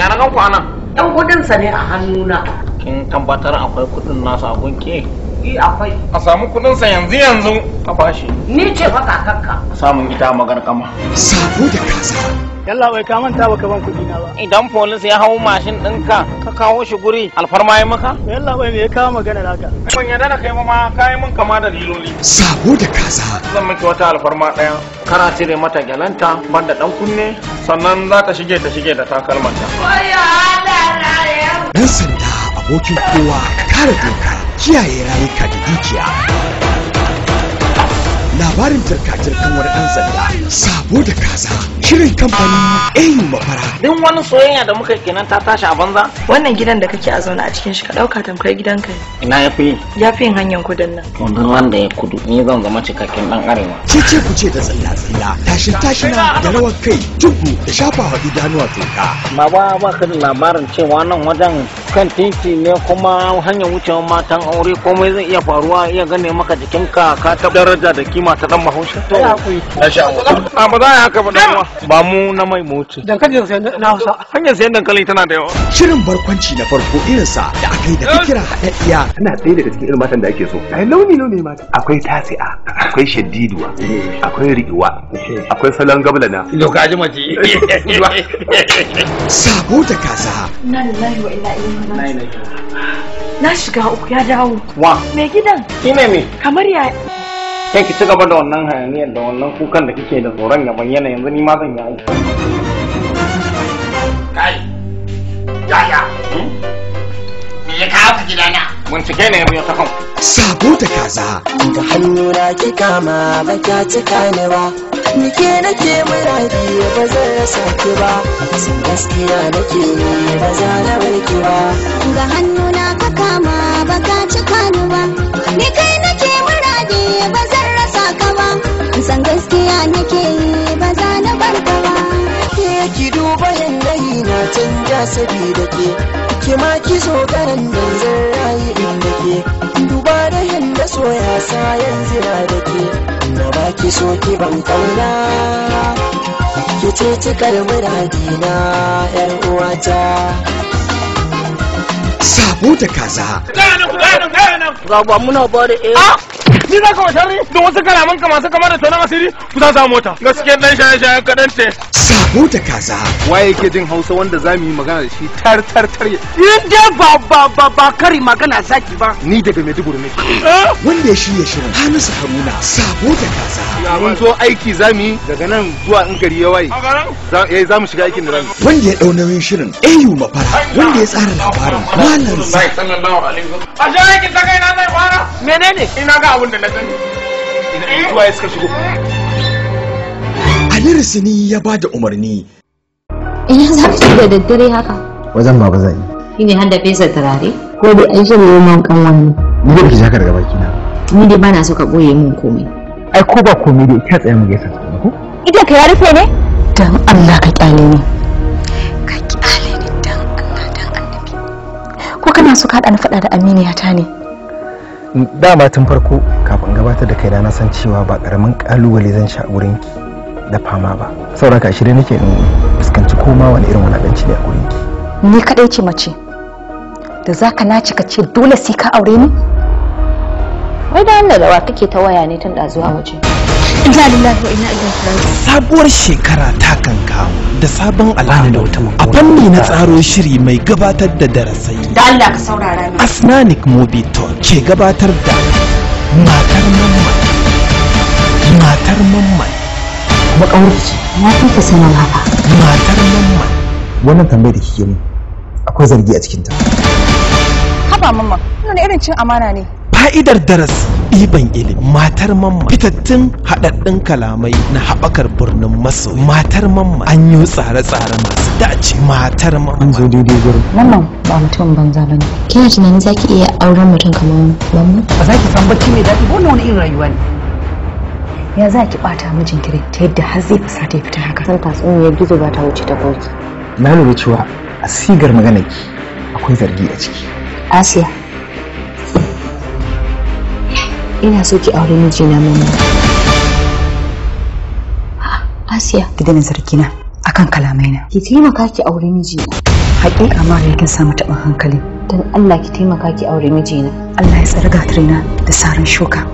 ya na ganku anan dan kudin sa ne a hannuna kin tambatar akwai kudin nasu a gunke yi eh, akwai a samu kudin sa yanzu yanzu ka bashi ni ce fa kakakka samun ita kama. sabo da kasa yalla bai ka manta baka ban kuɗi na ba idan polis ya hau mashin ɗinka ka kawo shi guri alfarma ya maka yalla bai me ya kawo magana naka ban yarda da kai ma kai mun kama da liloli sabo da kaza zan miki wata alfarma ɗaya kana cire mata gyalanta banda ɗan kunne sannan za ta shige ta shige da takalmanta dan sanda abokin kowa kare doka kiyaye rayuka da dukiya labarin turka kamar wani ɗan sanda sabo da kaza shirin kamfanin ayin mafara duk wani soyayya da muka kenan ta tashi a banza wannan gidan da kake a zaune a cikin shi ka ɗauka tamkar gidan ka ina ya fi ya fi yin hanyar kudin nan kudin wanda ya kudu ni zan zama cikakken ɗan arewa ce ce ku ce da tsalla tsalla tashin-tashina da rawar kai tugu da shafawa idanuwa toka ba ba ba ka da labarin cewa nan wajen kan titi ne kuma hanyar wucewa matan aure komai zai iya faruwa iya gane maka jikinka ka ta daraja da kima mata dan mahaushe to a ba za a haka ba dan ba mu na mai mutu dankalin sai na hausa hanyar sayan dankali tana da yawa shirin barkwanci na farko sa da akai da fikira haɗaɗɗiya tana ɗaya daga cikin irin matan da ake so ai launi launi mata akwai tasi'a akwai shaddiduwa akwai riwa akwai salon gablana ji mace sabo da kaza nan lallai wa illa ilaihi na shiga uku ya dawo wa me gidan kine me kamar ya kai ki ci gaba da wannan hayaniyar da wannan kukan da kike da tsoron gaban yana yanzu ni ma zan yi aiki kai yaya hmm? me ya kawo ka gidana cike ne ya ta kan sabo da kaza da hannu na ki kama ba kya cika ni ba ke mura muradi ba zan ya ki ba sun gaskiya ke ni ba za na bar ki ba da hannu na ka kama ba ka cika ni ba nike tafiya nake yi ba za na barka ba ke ki duba yanayi na canja sabida ke ki ma ki zo garan nan zan rayu inda ke duba da yanda soya yanzu zira da ke na ba ki so ki ban kauna ki ce cikar muradina yar uwata sabo da kaza. Zabu muna bari eh. Ah! ni za ka wa sharri don wasu kalaman ka masu kamar da tonon asiri ku za mota gaskiyar dan shaye-shaye kaɗan te sabo da kaza waye yake jin hausa wanda za mu yi magana da shi tar tar tar inda ba ba ba ba kari magana zaki ba ni daga maiduguri ne wanda ya shirya shirin hamisu haruna sabo da kaza mun zo aiki za mu yi daga nan zuwa in gari ya waye eh, za mu shiga aikin da zamu wanda ya dau nauyin shirin ayu mafara wanda ya tsara labarin malam sai a jira ki ta kai na zai fara menene ina ga abin da na sani ina ga zuwa ya suka shigo Ali Sini ya ba da umarni. Ina za ka da daddare haka? Wajen ba zan yi. Shi ne hada fesa turare? Ko dai an shi neman kanwan ne. Ni da ki haka daga baki na. Ni dai bana so ka boye min komai. Ai ko ba komai dai ka tsaya mu gaisa ko? Idan ka ya rufe ne? Dan Allah ka kyale ni. Ka kyale ni dan Allah dan Annabi. Ko kana so ka hada na faɗa da aminiyata ne? dama tun farko kafin gabatar da kai na san cewa ba karamin kalubale zan sha wurin ki. da fama ba sauraka shirye nake in fuskanci koma wani irin abinci ne a gurin ki ni kadai ce mace da zaka naci ka ce dole sai ka aure ni wai da wanda da wa kake ta waya ne tun zuwa waje inna lillahi wa inna ilaihi raji'un sabuwar shekara ta kankamu da sabon al'adu a fanni na tsaro shiri mai gabatar da darasai da Allah ka saurara ni Asnanic Movie Tour ke gabatar da matar mamma matar mamma bakawarci na fi ka sanin haka matar mamma wannan tambayar da kike mu akwai zargi a cikin ta haba mamma wannan irin cin amana ne fa'idar darasi ɗiban ilimi matar mamma fitattun haɗaɗɗun kalamai na haɓakar birnin maso matar mamma an yi tsare-tsare masu dace matar mamma an zo daidai gurin mamma ba mutum banza bane kina tunanin zaki iya auren mutum kamar mamma ba zaki san bacci mai daɗi wannan wani irin rayuwa ne ya za ki bata mijin kire ta yadda har zai fasa ta fita haka san tatsuniyar gizo ba ta wuce ta koki na lura cewa a sigar magana ki akwai zargi a ciki asiya ina so ki aure mijina mama asiya ki daina na akan na. ki taimaka ki aure mijina hakika ma kin samu taɓin hankali Dan allah ki taimaka ki aure mijina allah ya tsare gatrina da sarin shuka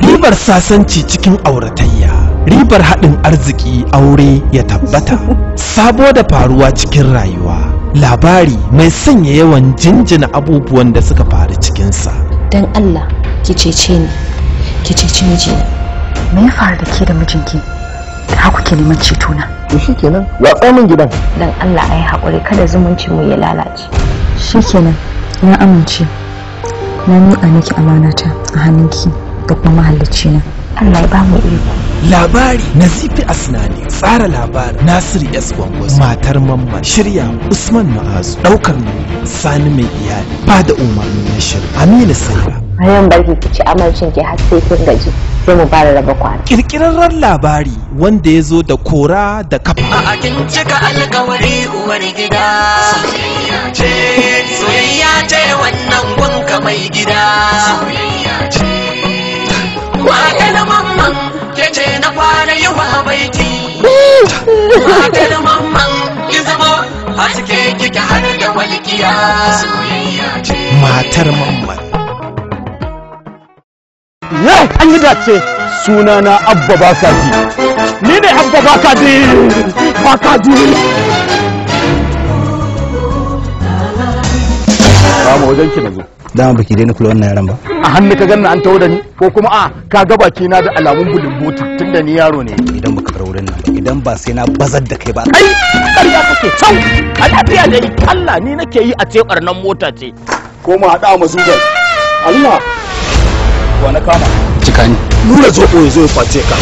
ribar sasanci cikin auratayya ribar haɗin arziki aure ya tabbata sabo da faruwa cikin rayuwa labari mai sanya yawan jinjina abubuwan da suka faru cikinsa don allah ki cece ni ki cece mijina me ya faru da ke da mijinki da haku ke neman cetona to shikenan ya min gidan Don allah ayi haƙuri kada zumunci mu ya lalace shikenan na amince na miƙa miki amanata a hannunki ga kuma mahalicci na Allah ya ba mu iko labari nazifi asnani tsara labari nasiru s gwangwas matar mamman shirya usman ma'azu ɗaukar nan sani mai iyali ba da umarni na shirin amina saira bayan barki ki ci amincin ki har sai kun gaji sai mu fara raba kwana kirkirarren labari wanda ya zo da kora da kafa a kin cika alkawari uwar gida soyayya ce soyayya ce wannan gunka mai gida soyayya ce Waƙar mamman ke ce na kwana yi zama da ce. Matar mamman. Yai an yi dace sunana Abba Bakadi. Ni ne Abba Bakadi. Bakadi. Ba mu wajen ki na dama baki daina kula wannan yaran ba a hannu ka ganna an taho da ni ko kuma a ka ga baki na da alamun tun da ni yaro ne idan baka bar wurin nan idan ba sai na bazar da kai ba ai ƙarya kake cau a lafiya da Allah ni nake yi a ce nan mota ce ko mu haɗa mu zubar Allah wa na kama cika ni nura zo ya zo ya kwace ka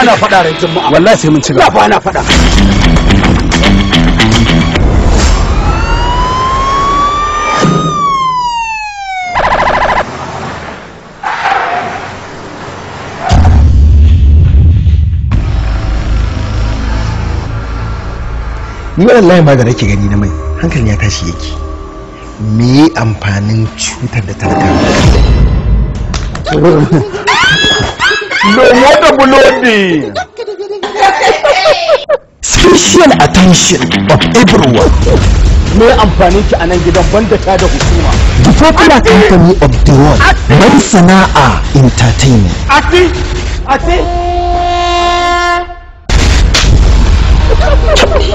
ana faɗa rancin ma. wallahi sai mun ci gaba ana faɗa ni wallahi ma da nake gani na mai hankali ya tashi yake me amfanin cutar da tarka Don da bulodi! Special attention of everyone. Me amfanin ki a nan gidan banda ta da hukuma. The popular company of the world, Mai Sana'a Entertainment. Ati! Ati!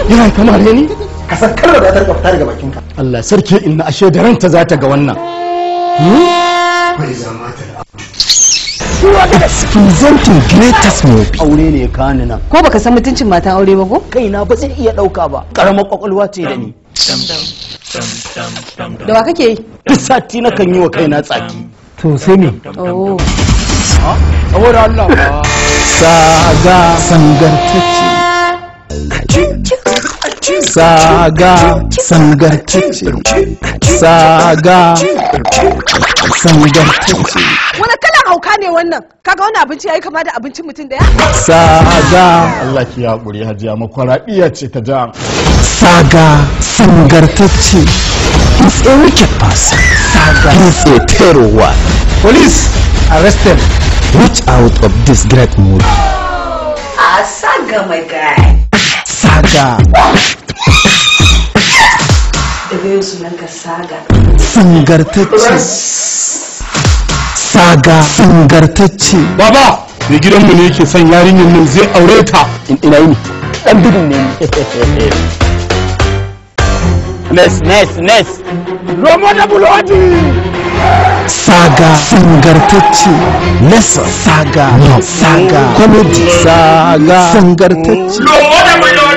yana kamar ni ka san kalmar da ta rika fita daga bakin ka Allah sarki inna ashe da ranta za ta ga wannan Presenting hmm? greatest movie. Aure ne kani nan. Ko baka san mutuncin matan aure ba ko? Kaina ba zai iya dauka ba. Karamar kwakwalwa ce da ni. Da wa kake yi? Sati na kan yi wa kaina tsaki. To sai ne. Oh. Ha? Allah. Saga sangartacce. saga sangar saga sangar wani kalan hauka ne wannan kaga wani abinci yayi kama da abincin mutum daya saga Allah ki ya hakuri hajiya makwarabiya ce ta ja saga sangartacce is a wicked person saga is a terror police arrest them. watch out of this great movie ah oh, saga my guy saga ganyen saga sangartacce saga sangartacce baba gidanmu ne yake son yarinyar nan zai aure ta ina yi dan gudun ne Nes, nes, nes. Romo da bulwati! saga sangartacci. lesson saga saga comedy saga sangartacce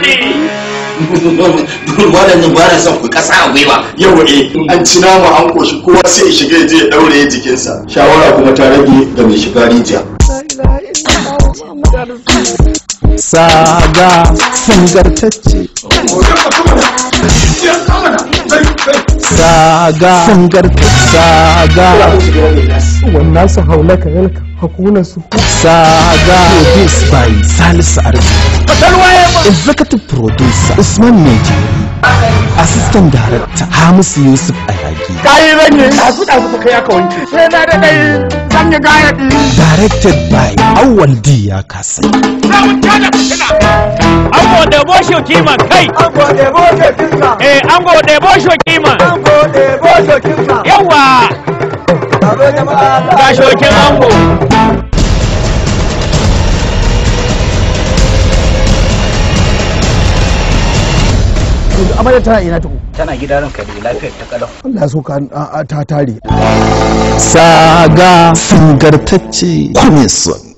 waɗannan ba na son ku kasa a gwiwa yau eh an ci nama an koshi kowa sai ya shiga ya je ya daure jikinsa shawara kuma ta rage da mai shiga rijiya saga sangartacce saga. daga ta saga wannan su haulaka yalka hakuna su saga produce by salisu arziki fatalwa ya ba executive producer usman mejiri Assistant Director Hamisu Yusuf Alhaki. Kayi rage ta kuɗa kuka kai aka wanke. Sai na da dai zan yi gaya ɗi. Directed by Awal D ya kasa. Za mu tada fitina. Ango ɗebo shokiman kai. Ango ɗebo shokiman. Eh ango ɗebo shokiman. Ango ɗebo shokiman. Yawwa. Ga shokin ango. yanzu amarya tana ina tuku tana gida ranka da lafiyar ta kalau Allah so ka ta tare saga sangartacce kunis.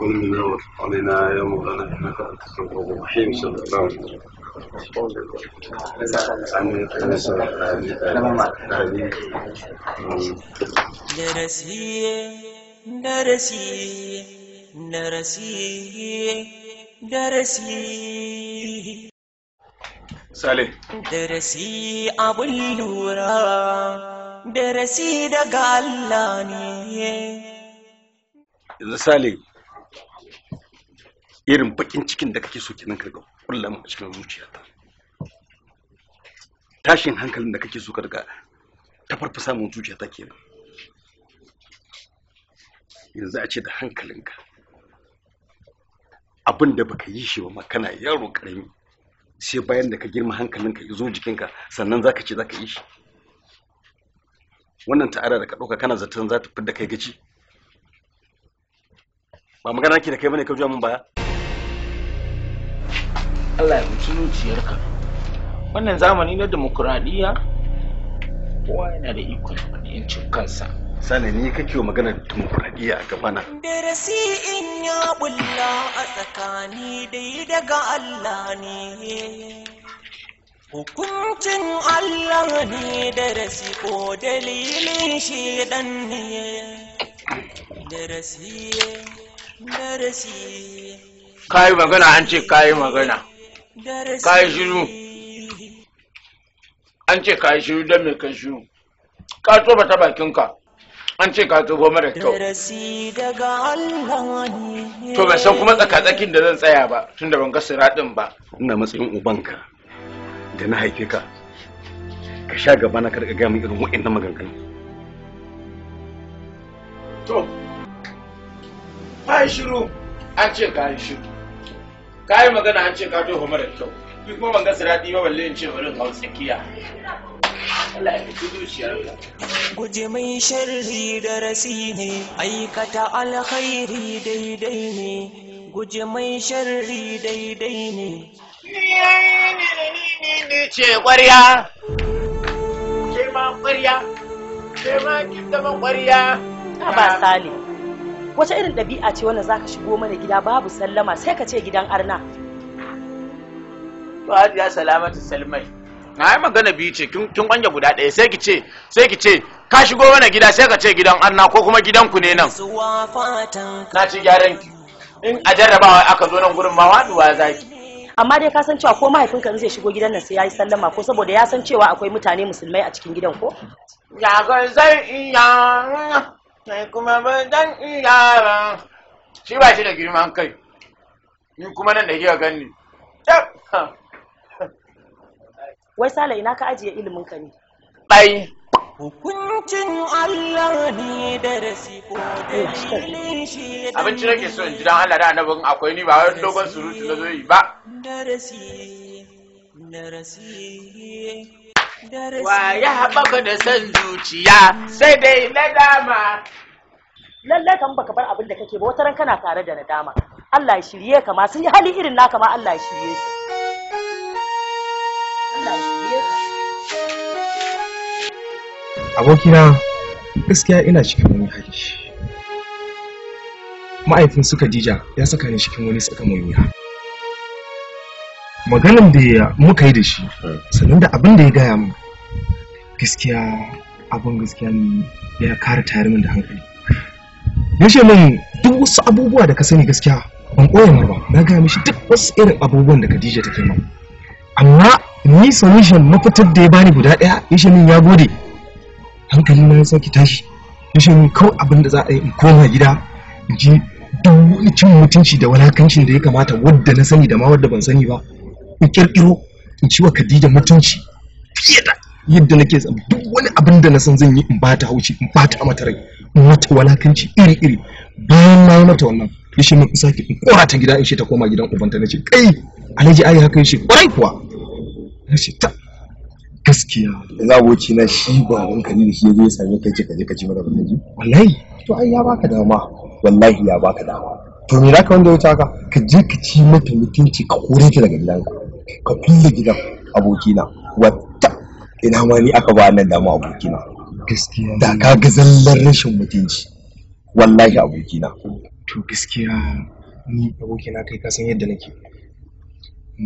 وغننا وارفق علينا يا مولانا انك انت التواب الرحيم صلى الله عليه وسلم درسيه درسيه درسيه درسيه صالح درسي أبو الهورا درسي دقالاني yanzu sale irin bakin cikin da kake so kenan ka kullum a cikin zuciyarka tashin hankalin da kake so ka daga tafarfa samun zuciyarta kenan yanzu a ce da hankalinka abin da baka yi shi ba ma kana yaro karami sai bayan da ka girma hankalinka ya zo jikinka sannan zaka ce zaka yi shi wannan ta'ada da ka ɗauka kana zaton za ta fi da kai gaci ba magana ke da kai bane ka juya mun baya Allah ya mutu zuciyarka wannan zamani na demokuraɗiyya kowa yana da ikon yancin kansa sani ni kake wa maganar demokuraɗiyya a gabana darasi in ya bulla a tsakani dai daga Allah ne hukuncin Allah ne darasi ko dalilin shi dan ne darasi darasi kayi magana an ce kayi magana ka shiru an ce ka shiru don mai kan shiru ka toba ta bakinka an ce ka tobo mara kyau to ba san kuma tsakatsakin da zan tsaya ba tun da ban ga siraɗin ba ina matsayin ubanka da na haife ka ka sha gaba na karka gaya min irin wa'annan maganganu to ka shiru an ce ka shiru ka yi magana an ce ka toho mara kyau ni kuma ban ga sirati ba balle in ce bari hau tsakiya guje mai sharri da rasi ne aikata alkhairi daidai ne guje mai sharri daidai ne ni ce ƙwarya ke ma ƙwarya ke ma kin zama ƙwarya ba sali wata irin ɗabi'a ce wanda zaka shigo mana gida babu sallama sai ka ce gidan arna to hajiya salamatu salmai na yi magana biyu ce kin kwanja guda ɗaya sai ki ce sai ki ce ka shigo mana gida sai ka ce gidan arna ko kuma gidanku ne nan na ci gyaran ki in a jarrabawa aka zo nan gurin ma waduwa zaki amma dai ka san cewa ko mahaifinka zai shigo gidan nan sai ya yi sallama ko saboda ya san cewa akwai mutane musulmai a cikin gidan ko ya ga zai iya sai kuma ba dan iya shi ba shi da girman kai ni kuma nan da kika ganni wai sale ina ka ajiye ilimin ka ne bai hukuncin Allah ne da rasi ko dalilin shi cire ke so in ji Allah da annabin akwai ni ba wani dogon surutu na zo yi ba darasi darasi wa ya haɓaka da san zuciya sai dai na dama. lallai kan baka bar abin da kake ba wata ran kana tare da nadama Allah ya shirye ka ma sun yi hali irin naka ma Allah ya shirye su abokina gaskiya ina cikin wani hali ma'aifin suka jija ya saka ni cikin wani tsaka mai wuya maganin da muka yi da shi hmm. sannan da abin da ya gaya min gaskiya abin gaskiya ne ya kara tare min da hankali ya ce min duk wasu abubuwa da ka sani gaskiya ban koya ma ba na gaya mishi duk wasu irin abubuwan da Khadija take min amma ni solution mafitar da ya bani guda ɗaya ya ce min ya gode hankali na ya sauki tashi ya ce min kawai abin da za a yi in koma gida in ji duk wani cin mutunci da walakancin da ya kamata wadda na sani da ma wadda ban sani ba in kirkiro in ciwa Khadija mutunci fiye da yadda nake zama duk wani abin da na san zan yi in ba ta haushi in ba ta mata rai in mata walakanci iri iri bayan na yi mata wannan ya shi mun sake in kora ta gida in shi ta koma gidan ubanta ce kai alhaji ai haka yace kwarai kuwa na ce ta gaskiya yanzu aboki na shi ba hankali da shi ya zo ya same ka kaje kaje mara ba ji wallahi to ai ya baka dama wallahi ya baka dama to me za ka wanda ya wuce haka ka je ka ci mata mutunci ka kore ta daga gidanka ka kulle gidan abokina wata ina ma ni aka ba nan dama abokina gaskiya da ka ga zallar rashin mutunci wallahi abokina to gaskiya ni abokina kai ka san yadda nake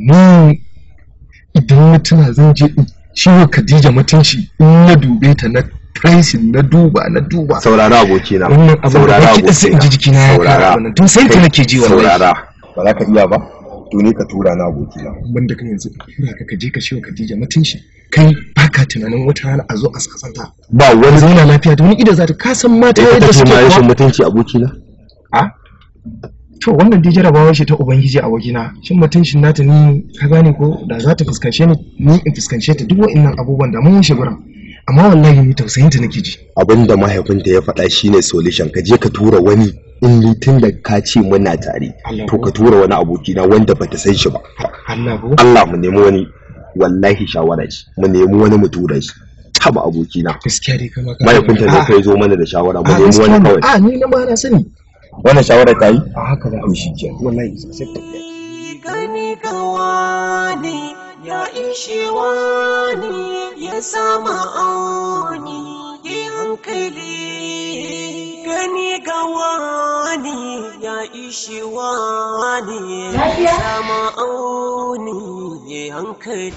mu idan mutuna zan je in ciwo Khadija mutunci in na dube ta na pricing na duba na duba saurara abokina wannan abokina saurara abokina saurara tun sai ta nake ji wallahi saurara iya ba to ne ka tura na abokina banda kan yanzu tura ka kaje ka shiwa Khadija mutunci kai baka tunanin wata rana a zo a sakasanta ba wani zauna lafiya da wani idan za ta san mata yadda suke ba rashin mutunci abokina a to wannan dai jarabawar shi ta ubangiji abokina shin mutuncin nata ni ka gane ko da za ta fuskance ni ni in fuskance ta duk wa'annan abubuwan da mun shi gura amma wallahi ni tausayin ta nake ji abinda mahaifinta ya faɗa shine solution ka je ka tura wani in tun da ka ce muna tare to ka tura wani aboki na wanda bata san shi ba Allah mu nemi wani wallahi shawara shi mu nemi wani mu tura shi haba aboki na gaskiya dai da ka mahaifinta ne kai zo mana da shawara mu ah, nemi wani kawai a ah, ni na ba na sani wannan shawara ta yi a haka za mu shi ke wallahi sai ta gani kawani ya ishe wani ya sama auni yi hankali gani ga wani ya ishi wani sama auni ya hankali.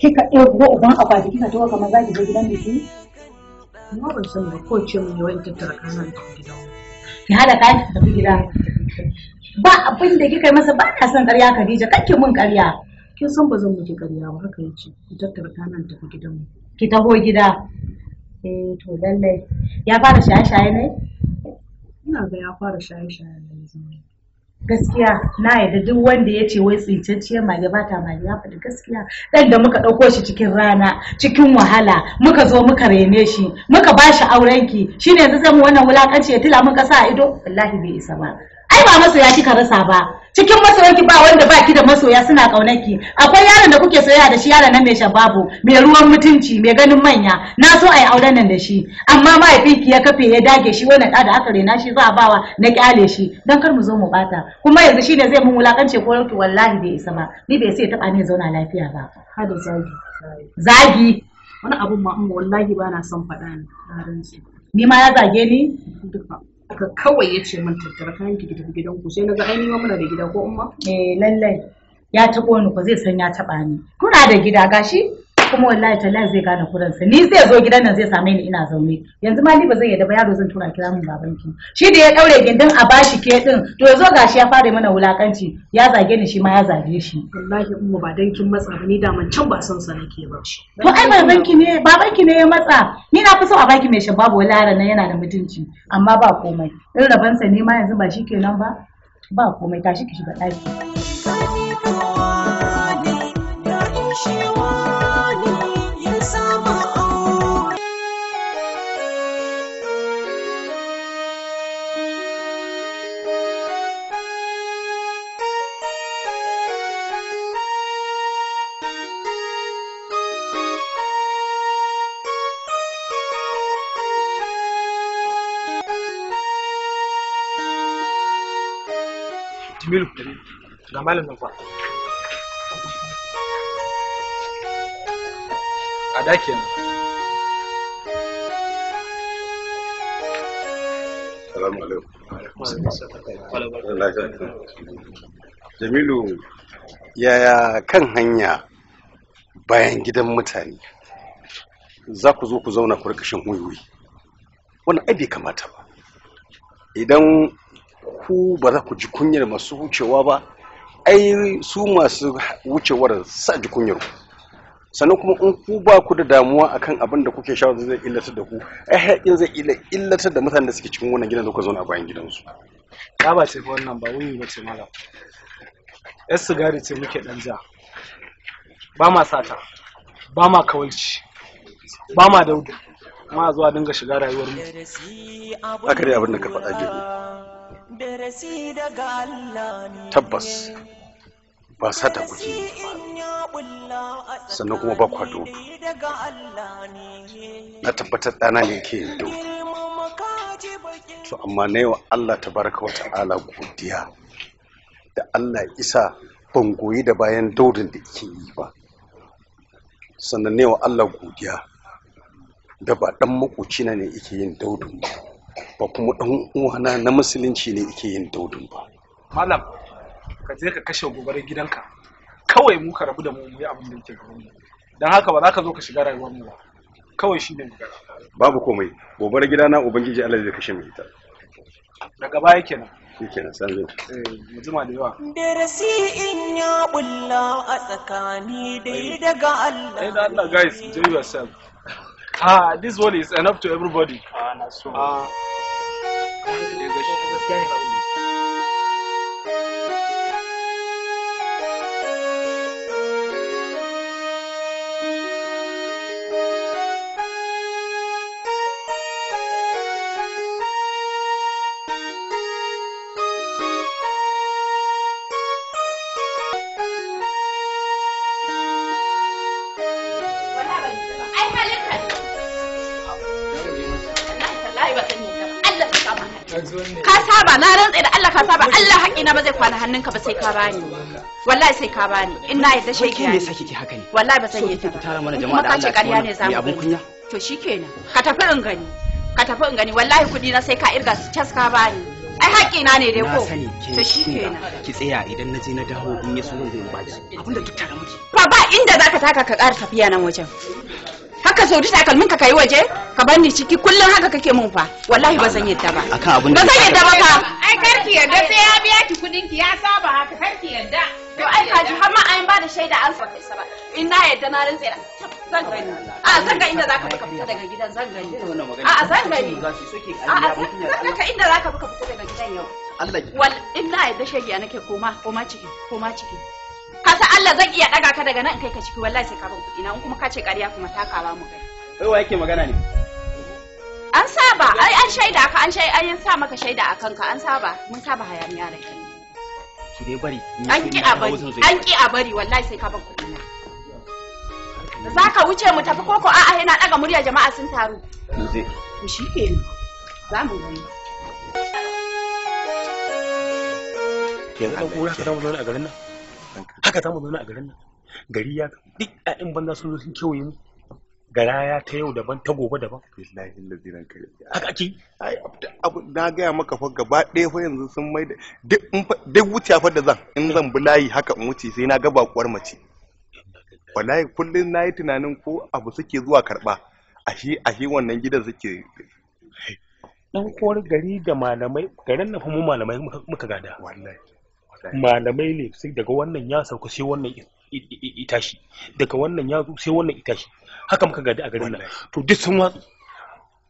Kika ɗauko uban akwati kika tawo kamar za ki je gidan biki? Amma ban san ba ko ce mun yawan tattara kanan ta gidan. Ki hada kayan ki tafi gida. Ba abin da kika yi masa ba na son karya Khadija kake mun karya. Kin san ba zan miki karya ba haka yace ki tattara kanan tafi gidan mu. Ki taho gida. eh to lallai ya fara shaye-shaye ne ina ga ya fara shaye-shaye ne gaskiya na yadda duk wanda ya ce wai tsinciyar mage ba ta mage ya faɗi gaskiya ɗan da muka ɗauko shi cikin rana cikin wahala muka zo muka rene shi muka ba shi aurenki shine yanzu zama wannan wulakanci ya tila mun ƙasa a ido wallahi bai isa ba ai ba masoya kika rasa ba cikin masoyanki ba wanda ba ki da masoya suna kaunarki akwai yaron da kuke soyayya da shi yaron nan mai shababu mai ruwan mutunci mai ganin manya na so a yi auren nan da shi amma mahaifinki ya kafe ya dage shi wannan da aka rena shi za a bawa na kyale shi don kar mu zo mu bata kuma yanzu shine zai mun wulakance ko ki wallahi bai isa ba ni bai sai taba ne zauna lafiya ba hada zagi zagi wani abun ma wallahi ba na son faɗa ni ni ma ya zage ni duka haka kawai ya ce min tattara kayan ki tafi gidan ku sai na ga ainihin muna da gida ko umma eh lallai ya taɓo ni ko zai san ya taɓa ni kuna da gida gashi kuma wallahi tallahi zai gane kuransa ni zai zo gidan nan zai same ni ina zaune yanzu ma ni ba zai yadda ba yaro zan tura kira min babanki shi da ya daure gindin a bashi ke din to yazo gashi ya fara mana wulakanci ya zage ni shi ma ya zage shi wallahi umma ba dan kin matsa ba ni da man can ba san sa nake ba to ai babanki ne babanki ne ya matsa ni na fi so a baki mai shan babu wallahi nan yana da mutunci amma ba komai in rabansa ne ma yanzu ba shikenan ba ba komai tashi ki shiga ɗaki. ga Jamilu, yaya kan hanya bayan gidan mutane za ku zo ku zauna ku rikashin wuyi Wani ai kamata ba idan ku ba za ku ji kunyar masu wucewa ba ai su masu wucewar sa ji kunyar ku sannan kuma in ku ba ku da damuwa akan abin da kuke sha zai illatar da ku ai haƙin zai illatar da mutanen da suke cikin wannan gidan da kuka zauna a bayan gidansu ya ba ce wannan ba wuni ba ce malam yar sigari ce muke dan ja ba ma sata ba ma kawalci ba ma daudu ma zuwa dinga shiga rayuwar mu haka dai abin da ka faɗa gero tabbas ba sa ta yi ba sannan kuma ba kwa na tabbatar ɗana ne ke yin to amma na allah ta baraka wata ala godiya da allah isa ban goyi da bayan daudin da ke yi ba sannan na wa allah godiya da ba ɗan na ne yake yin daudin ba ba kuma dan uwana na musulunci ne yake yin daudun ba malam ka je ka kashe gobar gidanka kawai mu ka rabu da mu mu yi abin da yake gaban mu dan haka ba za ka zo ka shiga rayuwar mu ba kawai shi ne gaba babu komai gobar gidana ubangiji Allah zai kashe mu ita daga baya kenan shikenan san zo eh, mujima da yawa darasi in ya bulla a tsakani dai daga Allah Allah guys enjoy yourself Ah, this one is enough to everybody. Ah, that's true. Ah. ka saba Allah haƙi na ba zai kwana hannunka ba sai ka bani wallahi sai ka bani in na yadda shi ke ne saki ki haka ne wallahi ba zan yi ta tara mana jama'a da Allah ne zamu abun kunya to shikenan ka tafi in gani ka tafi in gani wallahi kudi na sai ka irga su cas ka bani ai haƙi na ne dai ko to shikenan ki tsaya idan na je na dawo in yi sunan ba baki abinda duk tare muke ba ba inda zaka taka ka ƙara tafiya nan wajen haka sau takalmin ka kai waje ka bani ni ciki kullum haka kake mun fa wallahi ba zan yadda ba akan abin da ba zan yadda ba fa ai karki yadda sai ya biya ki kudin ki ya saba haka karki yadda to ai kaji har ma an ba da shaida an saka kai saba in na yadda na rantsa da zan gani a zan ga inda zaka buka fita daga gidan zan gani a a zan gani a zan ga inda zaka buka fita daga gidan yau Allah wal in na yadda shege nake koma koma ciki koma ciki kasa Allah zan iya daga ka daga nan kai ka ciki wallahi sai ka ban kuɗi na kuma ka ce ƙarya kuma takawa mu kai kai wa yake magana ne An saba, ai an shaida ka, an shaida an sa maka shaida a kanka, an saba, mun saba hayaniya da kai. Ki dai bari. An ki a bari, an ki a bari wallahi sai ka ban kuɗi na. Za ka wuce mu tafi koko a'a yana ɗaga murya jama'a sun taru. Zai. Shi ke za mu yi. Yanzu ɗan ƙura ka zamu a garin nan? Haka zamu zaune a garin nan? Gari ya duk 'ya'yan banza sun zo sun kewaye mu. gara ya ta yau daban ta gobe daban billahi kai haka ai na gaya maka fa gaba ɗaya fa yanzu sun mai da duk wuce fa da zan in zan bi layi haka in wuce sai na ga bakuwar mace wallahi kullun nayi tunanin ko abu suke zuwa karba ashe ashe wannan gidan suke dan kuwar gari da malamai garin na fa mu malamai muka gada wallahi malamai ne sai daga wannan ya sauka sai wannan itashi daga wannan ya sai wannan itashi haka muka gadi a garin nan to duk sun watsu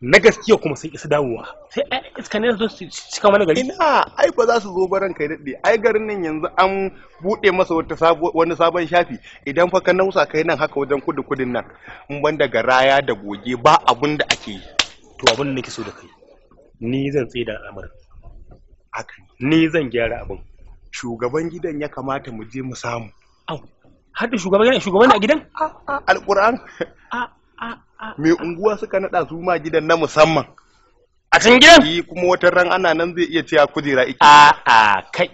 na gaskiya kuma sun isa dawowa sai iska ne su cika wani gari ina ai ba za su zo baran kai daɗe ai garin nan yanzu an buɗe masa wata wani sabon shafi idan fa ka nausa kai nan haka wajen kudu kudin nan in ban daga raya da goge ba abun da ake yi to abin da nake so da kai ni zan tsaye da al'amarin ni zan gyara abin shugaban gidan ya kamata mu je mu samu har da shugaban shugaban a gidan alquran me unguwa suka nada su ma gidan na musamman a cikin gidan yi kuma wata ran ana nan zai iya cewa kujera iki a a kai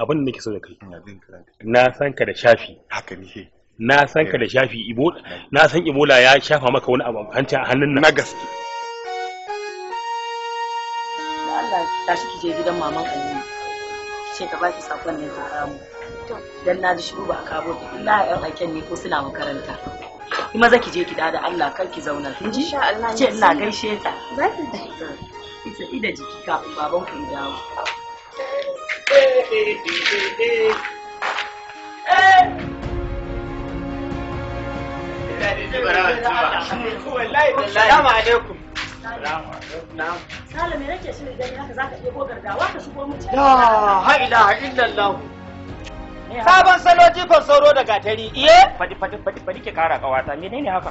abin da nake so da kai na san ka da shafi haka ne na san ka da shafi ibo na san ibola ya shafa maka wani abu hanci a hannun nan na gaske Allah ta shi kije gidan maman Aminu ce ka ba shi sakon ne ta ramu dan na ji shi ba a kawo ta illa yan aiken ne ko suna makaranta kuma za ki je ki dada Allah kar ki zauna kin ji insha Allah ce ina gaishe ta za ki ji ita ida jiki ka baban ku dawo Assalamu alaikum. Sale me nake shiri idan haka zaka ɗebo gargawa ka shigo mu cikin La ha ilaha illallah. Sabon salo jikon sauro da gatari. Iye? Fadi fadi fadi fadi ke kara kawata. Menene haka?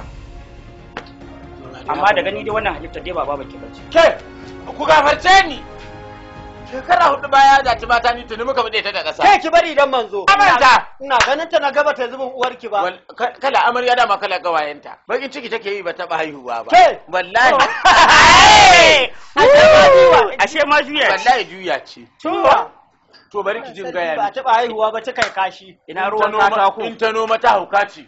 Amma da gani dai wannan halitta dai ba baba ke bace. Ke ku gafarce ni. shekara hudu baya da ci mata ni tuni muka bude ta da ƙasa kai ki bari man zo amanta ina ganin ta na gaba ta zubin ki ba kala amarya da ma kala gawayenta bakin ciki take yi ba ta haihuwa ba wallahi oh. ashe ma juya wallahi juya ce tuwa to bari ki jin gaya ba ba haihuwa ba ta kai kashi ina ruwan katako in ta noma ta hauka ce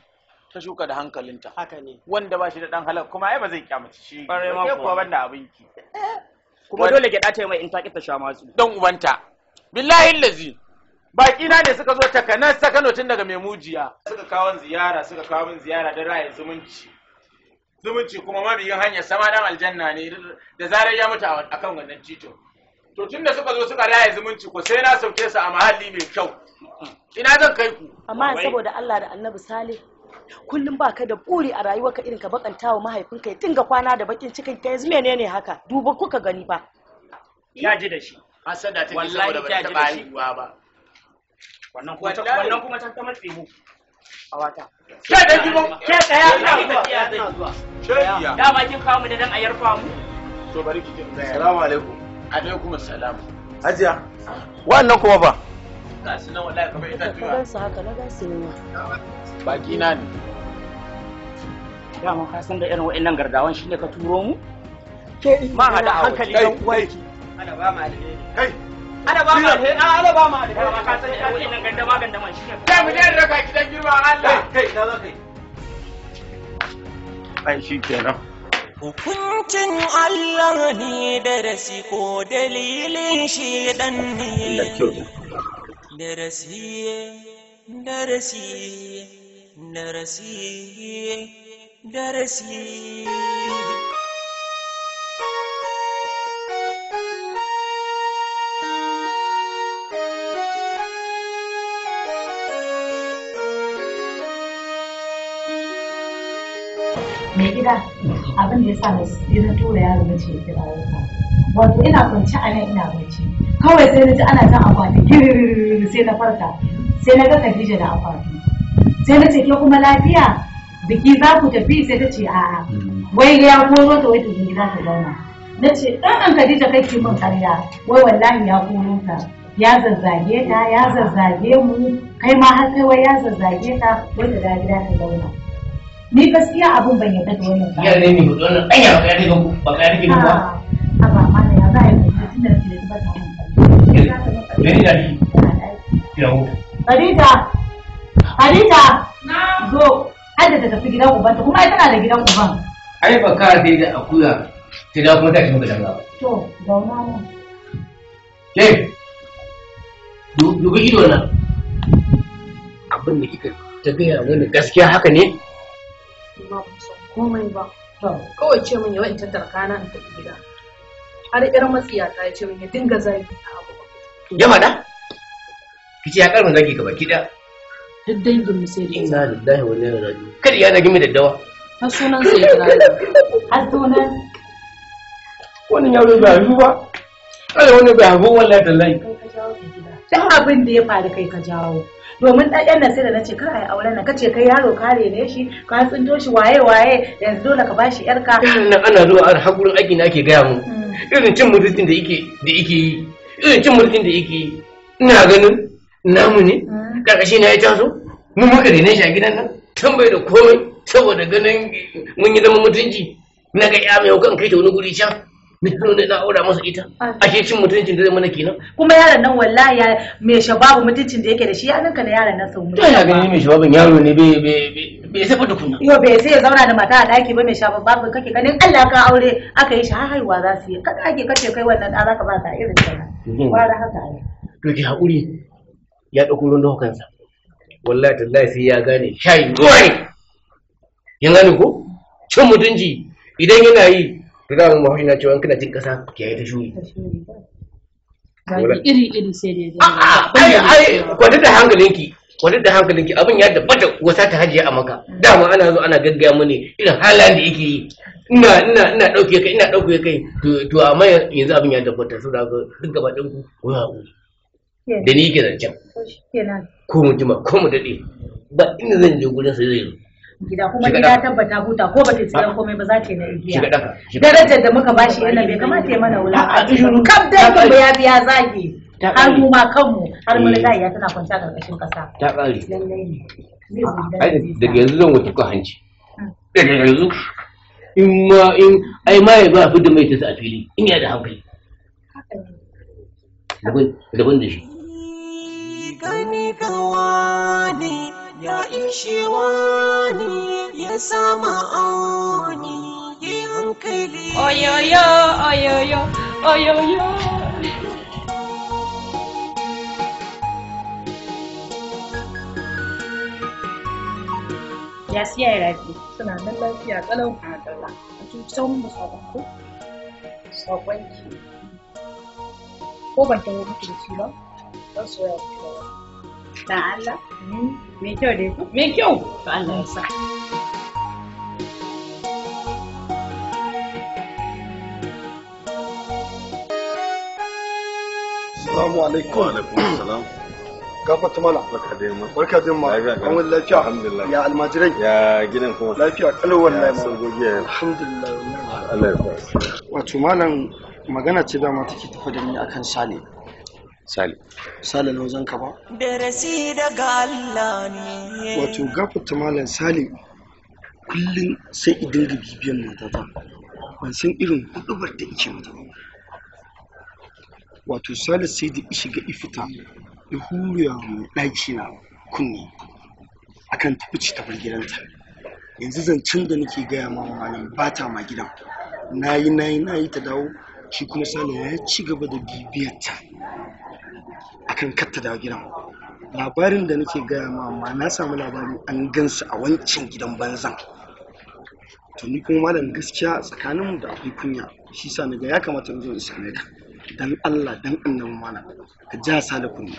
ta shuka da hankalinta haka ne wanda ba shi da dan halak kuma ai ba zai kyamaci shi ba kuwa banda abinki kuma dole gyaɗa ta yi mai in ta kita sha masu dan ubanta billahi lazi baƙi na ne suka zo takanas sakano tun daga mujiya. suka kawo ziyara suka kawo ziyara don rayin zumunci zumunci kuma biyun hanyar sama dan aljanna ne da zarar ya mutu akan wannan cito. to tun da suka zo suka raya zumunci ko sai na sauke su a muhalli mai kyau ina zan kai ku amma saboda Allah da Annabi Salih kullum ba ka da buri a rayuwarka irin ka bakanta wa mahaifinka ya dinga kwana da bakin cikin ka yanzu menene haka duba kuka gani ba ya ji da shi hasada ta saboda ba ta bayuwa ba wannan kuma ta wannan kuma ta kamar mu. a wata ke da jibo ke tsaya ina zuwa da ba kin kawo mu da dan ayar famu to bari ki kin tsaya assalamu alaikum alaikum assalam hajiya wannan kuma ba ga nan wallahi kamar ita tuwa su haka na ne baki na ne dama ka san da irin wa'annan gardawan shine ka turo mu ke ma hada hankali dan uwanki ana ba alheri kai ana ba alheri ah, ana ba alheri ka san wa'annan gandama shine kai mu dai raka girma Allah kai na zo kai ai shi Hukuncin Allah ne da dalilin shi dan Darasiye, Darasiye, Darasiye, Darasiye. Mira, abin da ya sa na na tura yaro na ce kira wuka wato ina kwanci a nan ina bacci kawai sai na ji ana jan akwati giririri sai na farka sai na ga Khadija da akwati sai na ce ke kuma lafiya biki za ku tafi sai ta ce a'a mm. wai ga ya koro ta wai ta gida ta zauna na ce ɗan an Khadija kake mun karya wai wallahi ya koro ta ya zazzage ta ya zazzage mu kai ma har kai wai ya zazzage ta wai ta da gida ta zauna ni gaskiya abun ban yadda da wannan ba yare ne hudu wannan danya baka yadda ga baka yarda ga ba a ba ah, ah, ma ya za ya yi tun da kike ba ta hankali da ya ah, yawo Hadita Hadita na zo hadda ta tafi gidan uban ta kuma ai tana da gidan uban ai ba ka sai da akuya ta da kuma ta shiga gidan ba to da wannan ke dubi ido na abin da kika ta gaya wani gaskiya haka ne ma ba san komai ba kawai ce min yawan tattara kana in tafi gida har ƴar matsiya ta ce min ya dinga zagi na abu ya mada kici ya karmin zagi gaba kida duk dangin mu sai dai inna lillahi wa inna ilaihi kada ya zagi mai daddawa har sunan sai ya har sunan wannan yaro ba hu ba kada wannan bai hu wallahi tallahi duk abin da ya faru kai ka jawo domin ɗayan nan sai da na ce kar a yi auren nan kace kai yaro kare ne shi ka tsinto shi waye waye yanzu dole ka bashi yarka irin nan ana zuwa har hakurin aiki na ke gaya mu hmm. irin cin mutuncin da yake da yake yi irin cin mutuncin da yake ina ganin namu ne hmm. karkashi na ya taso mun muka rene shi a gidan nan tambaye da komai saboda ganin mun yi zama mutunci na ga ya mai hukan kai ta wani guri can Mutum ne na aura masa ita ashe cin mutuncin da zai mana kenan kuma yaron nan wallahi ya me shababu mutuncin da yake da shi ya ninka da yaron nan sau mutum to ya gani me shababun yaro ne bai bai sai fada kunna yo bai sai ya zauna da mata a daki ba me shababu kake ganin Allah ka aure aka yi shi har haihuwa za su yi ka kake kace kai wannan da zaka ba ta irin sana mhm. wara haka ne to ki hakuri ya dauko ruwan dawo kansa wallahi tallahi sai ya gane shayi ruwai kin gane ko cin mutunci idan yana yi to da mun mahaifina cewa kana jin kasa ki yayi ta shuri iri iri sai dai ai ai kwada da hankalinki kwada da hankalinki abin ya tabbata wasa ta hajiya a maka dama ana zo ana gaggaya mani irin halan da yake yi ina ina ina dauke kai ina dauke kai to to amma yanzu abin ya tabbata saboda duk gaba ɗin ku ku haƙuri da ni ke zancen ko mu jima ko mu daɗe ba inda zan je gurin sai zai zo gida kuma gida tabbata huta ko ba ta tsira komai ba za ta yi na igiya darajar da muka bashi yana bai kamata ya mana wulaƙaci kaf dai yake ya biya zagi har mu ma kanmu har mu riga ya tana kwanta karkashin kasa ta ƙare daga yanzu zan wata ka hanci daga yanzu in ma in ai ma ya ba fidda mai tasa a fili in ya da hankali daban da shi Gani kawani ya ishe ya sama auni yi hankali oyoyo oyoyo oyoyo ya siya ya suna nan lafiya a cutar ki ko ban ba don soya Dan Allah. Mai mm. kyau dai ko? Mai kyau. To Allah ya sa. Assalamu alaikum. Wa alaikum salam. Gafat mala. Barka dai ma. Barka dai ma. An wani lafiya. Alhamdulillah. Ya almajirai. Ya gidan kuma. Lafiya kalau wallahi ma. Alhamdulillah. Allah ya fara. Wato malam magana ce dama take tafi da ni akan Sale. sali sali na wajen kaba? darasi daga Allah ne wato gafarta malam sali kullum sai idin ga bibiyan matata ban san irin hudubar da ike mata wato sali sai da ishi ga ifita da huruya mai ɗaki na kunne akan tafici ta bar gidanta yanzu zancen da nake gaya ma malam ba ta ma gidan nayi nayi nayi ta dawo shi kuma sale ya ci gaba da bibiyarta akan kar da gidan labarin da nake gaya ma amma na samu labarin an gansu a wancan gidan banzan to ni kuma malam gaskiya tsakanin mu da akwai kunya shi sa na ga ya kamata in zo in same ka dan Allah dan annabi malam ka ja sale kunni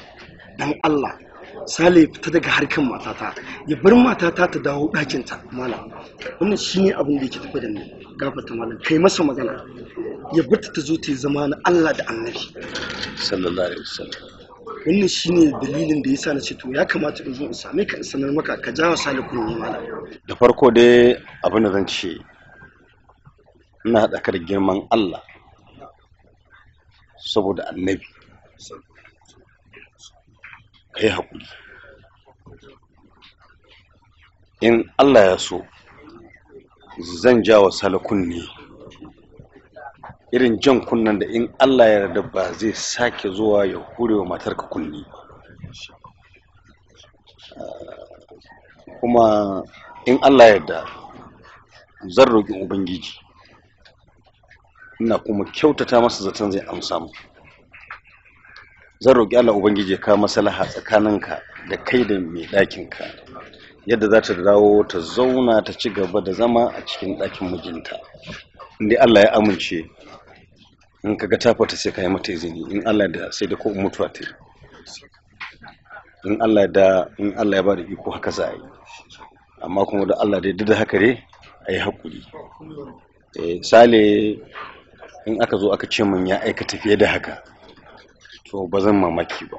dan Allah sale fita daga harkan matata ya bar matata ta dawo ɗakin ta malam wannan shine abin da yake tafi da ni gafarta malam kai masa magana ya bar ta zo ta zama na Allah da annabi sallallahu alaihi wasallam wannan shine dalilin da ya sa na ce to ya kamata in zo in same ka in sanar maka ka jawo sali kunni da farko dai abin da zan ce ina tsakar girman Allah saboda annabi ka yi haƙuri in Allah ya so zan jawo salakun ne. irin jan kunnen da in Allah ya yarda ba zai sake zuwa ya hure wa matarka kunni kuma in Allah ya yarda zan roƙi ubangiji ina kuma kyautata masa zaton zai amsa mu zan roƙi Allah ubangiji ka kawo maslaha tsakaninka da kai da mai ɗakinka yadda za ta dawo ta zauna ta ci gaba da zama a cikin ɗakin mijinta inda Allah ya amince in kaga ta tafata sai ka yi mata izini in Allah da sai da ko mutuwa ta in Allah da in Allah ya bada iko haka za a yi amma kuma da Allah dai da haka dai a yi haƙuri eh sale in aka zo aka ce min ya aikata fiye da haka to ba zan mamaki ba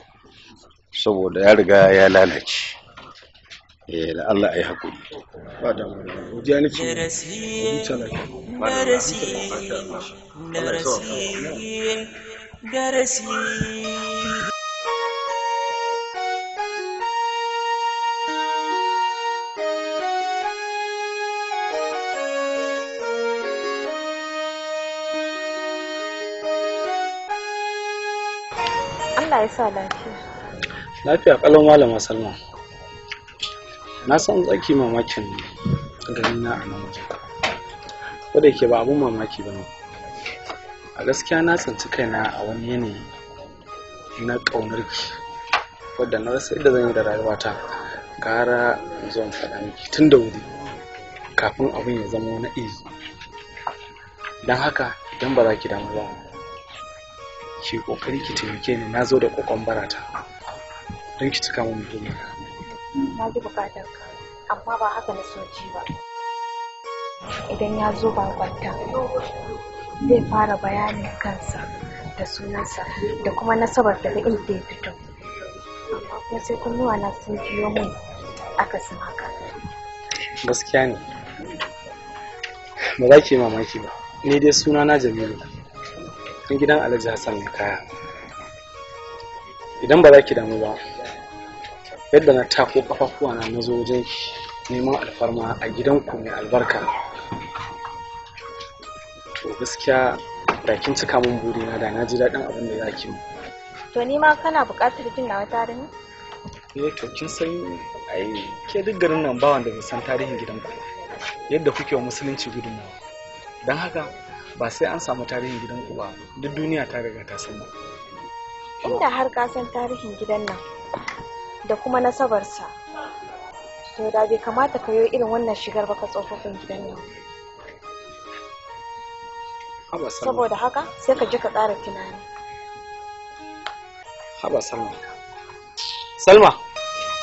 saboda ya riga ya lalace da eh, Allah ya yi haƙuri ba da godiya nake darasi Allah ya sa lafiya. Lafiya kalau malama Salma. na san tsaki mamakin gani na a nan waje ko da ke ba abun mamaki ba ne a gaskiya na tsanci kaina a wani yanayi na ƙaunar ki wadda na rasa yadda zan yi da rayuwata gara zuwan faɗa miki tun da wuri kafin abin ya zama na iri don haka idan ba za ki damu ba ki ƙoƙari ki taimake ni na zo da ƙoƙon barata don ki cika mun duniya na ji bukatar ka amma ba haka na soci ba idan ya zo kwanta, zai fara bayanin kansa da sunansa da kuma nasabar daga inda ya fito amma kuma sai kunnuwa na sun biyo mun akasin haka gaskiya ne ba za ki mamaki ba ni dai suna na jamilu in gidan alhaji hassan mai kaya idan ba za ki damu ba yadda na tako kafafuwa na zo wajen neman alfarma a gidanku mai albarka to gaskiya da kin cika min burina da na ji daɗin abin da zaki mu to ni ma kana buƙatar jin nawa tarihi eh to kin san ai ke duk garin nan ba wanda bai san tarihin gidanku yadda kuke wa musulunci gudunmawa don haka ba sai an samu tarihin gidanku ba duk duniya ta riga ta san inda har ka san tarihin gidan nan da kuma nasabarsa to da bai kamata ka yi irin wannan shigar baka tsofaffin gidan nan saboda haka sai ka ji ka ƙara tunani haba salma salma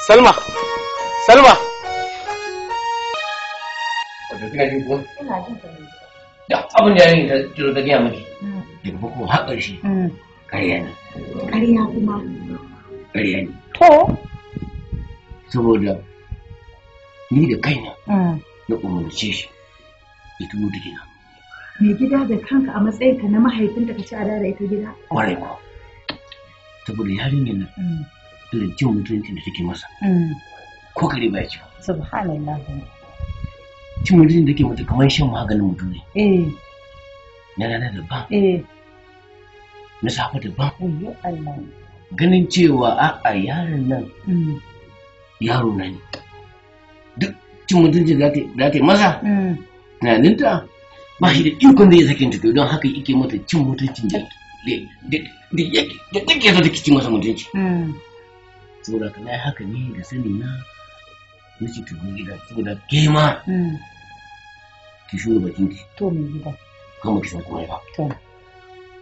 salma salma kina jin ko da abin da ya yi da kiro ta gaya miki mm. da kuma haƙar shi mm. ƙarya ne ƙarya kuma ƙarya ne to saboda ni da kaina mm. na umarce shi ya tuno da gina mai gida da kanka a matsayinka na mahaifin da ka ci a da ita gida kwarai kuwa saboda yarinyar nan da mm. jin mutuncin da take masa mm. ko kare ba ya ci subhanallah cin mutuncin da ke mata kamar shan maganin mutum ne eh. na rana da ba eh. na safa da ba ganin cewa a yaron nan mm. yaro na ne duk cin mutuncin da ta yi masa mm. na ninta ba shi da ikon da ya sake ta don haka yake mata cin mutuncin da take so take kici masa mutunci mm. saboda ka na haka ne da sani na nace ta goyi da saboda ke ki shuru bakin ki to me gida kuma ki san komai ba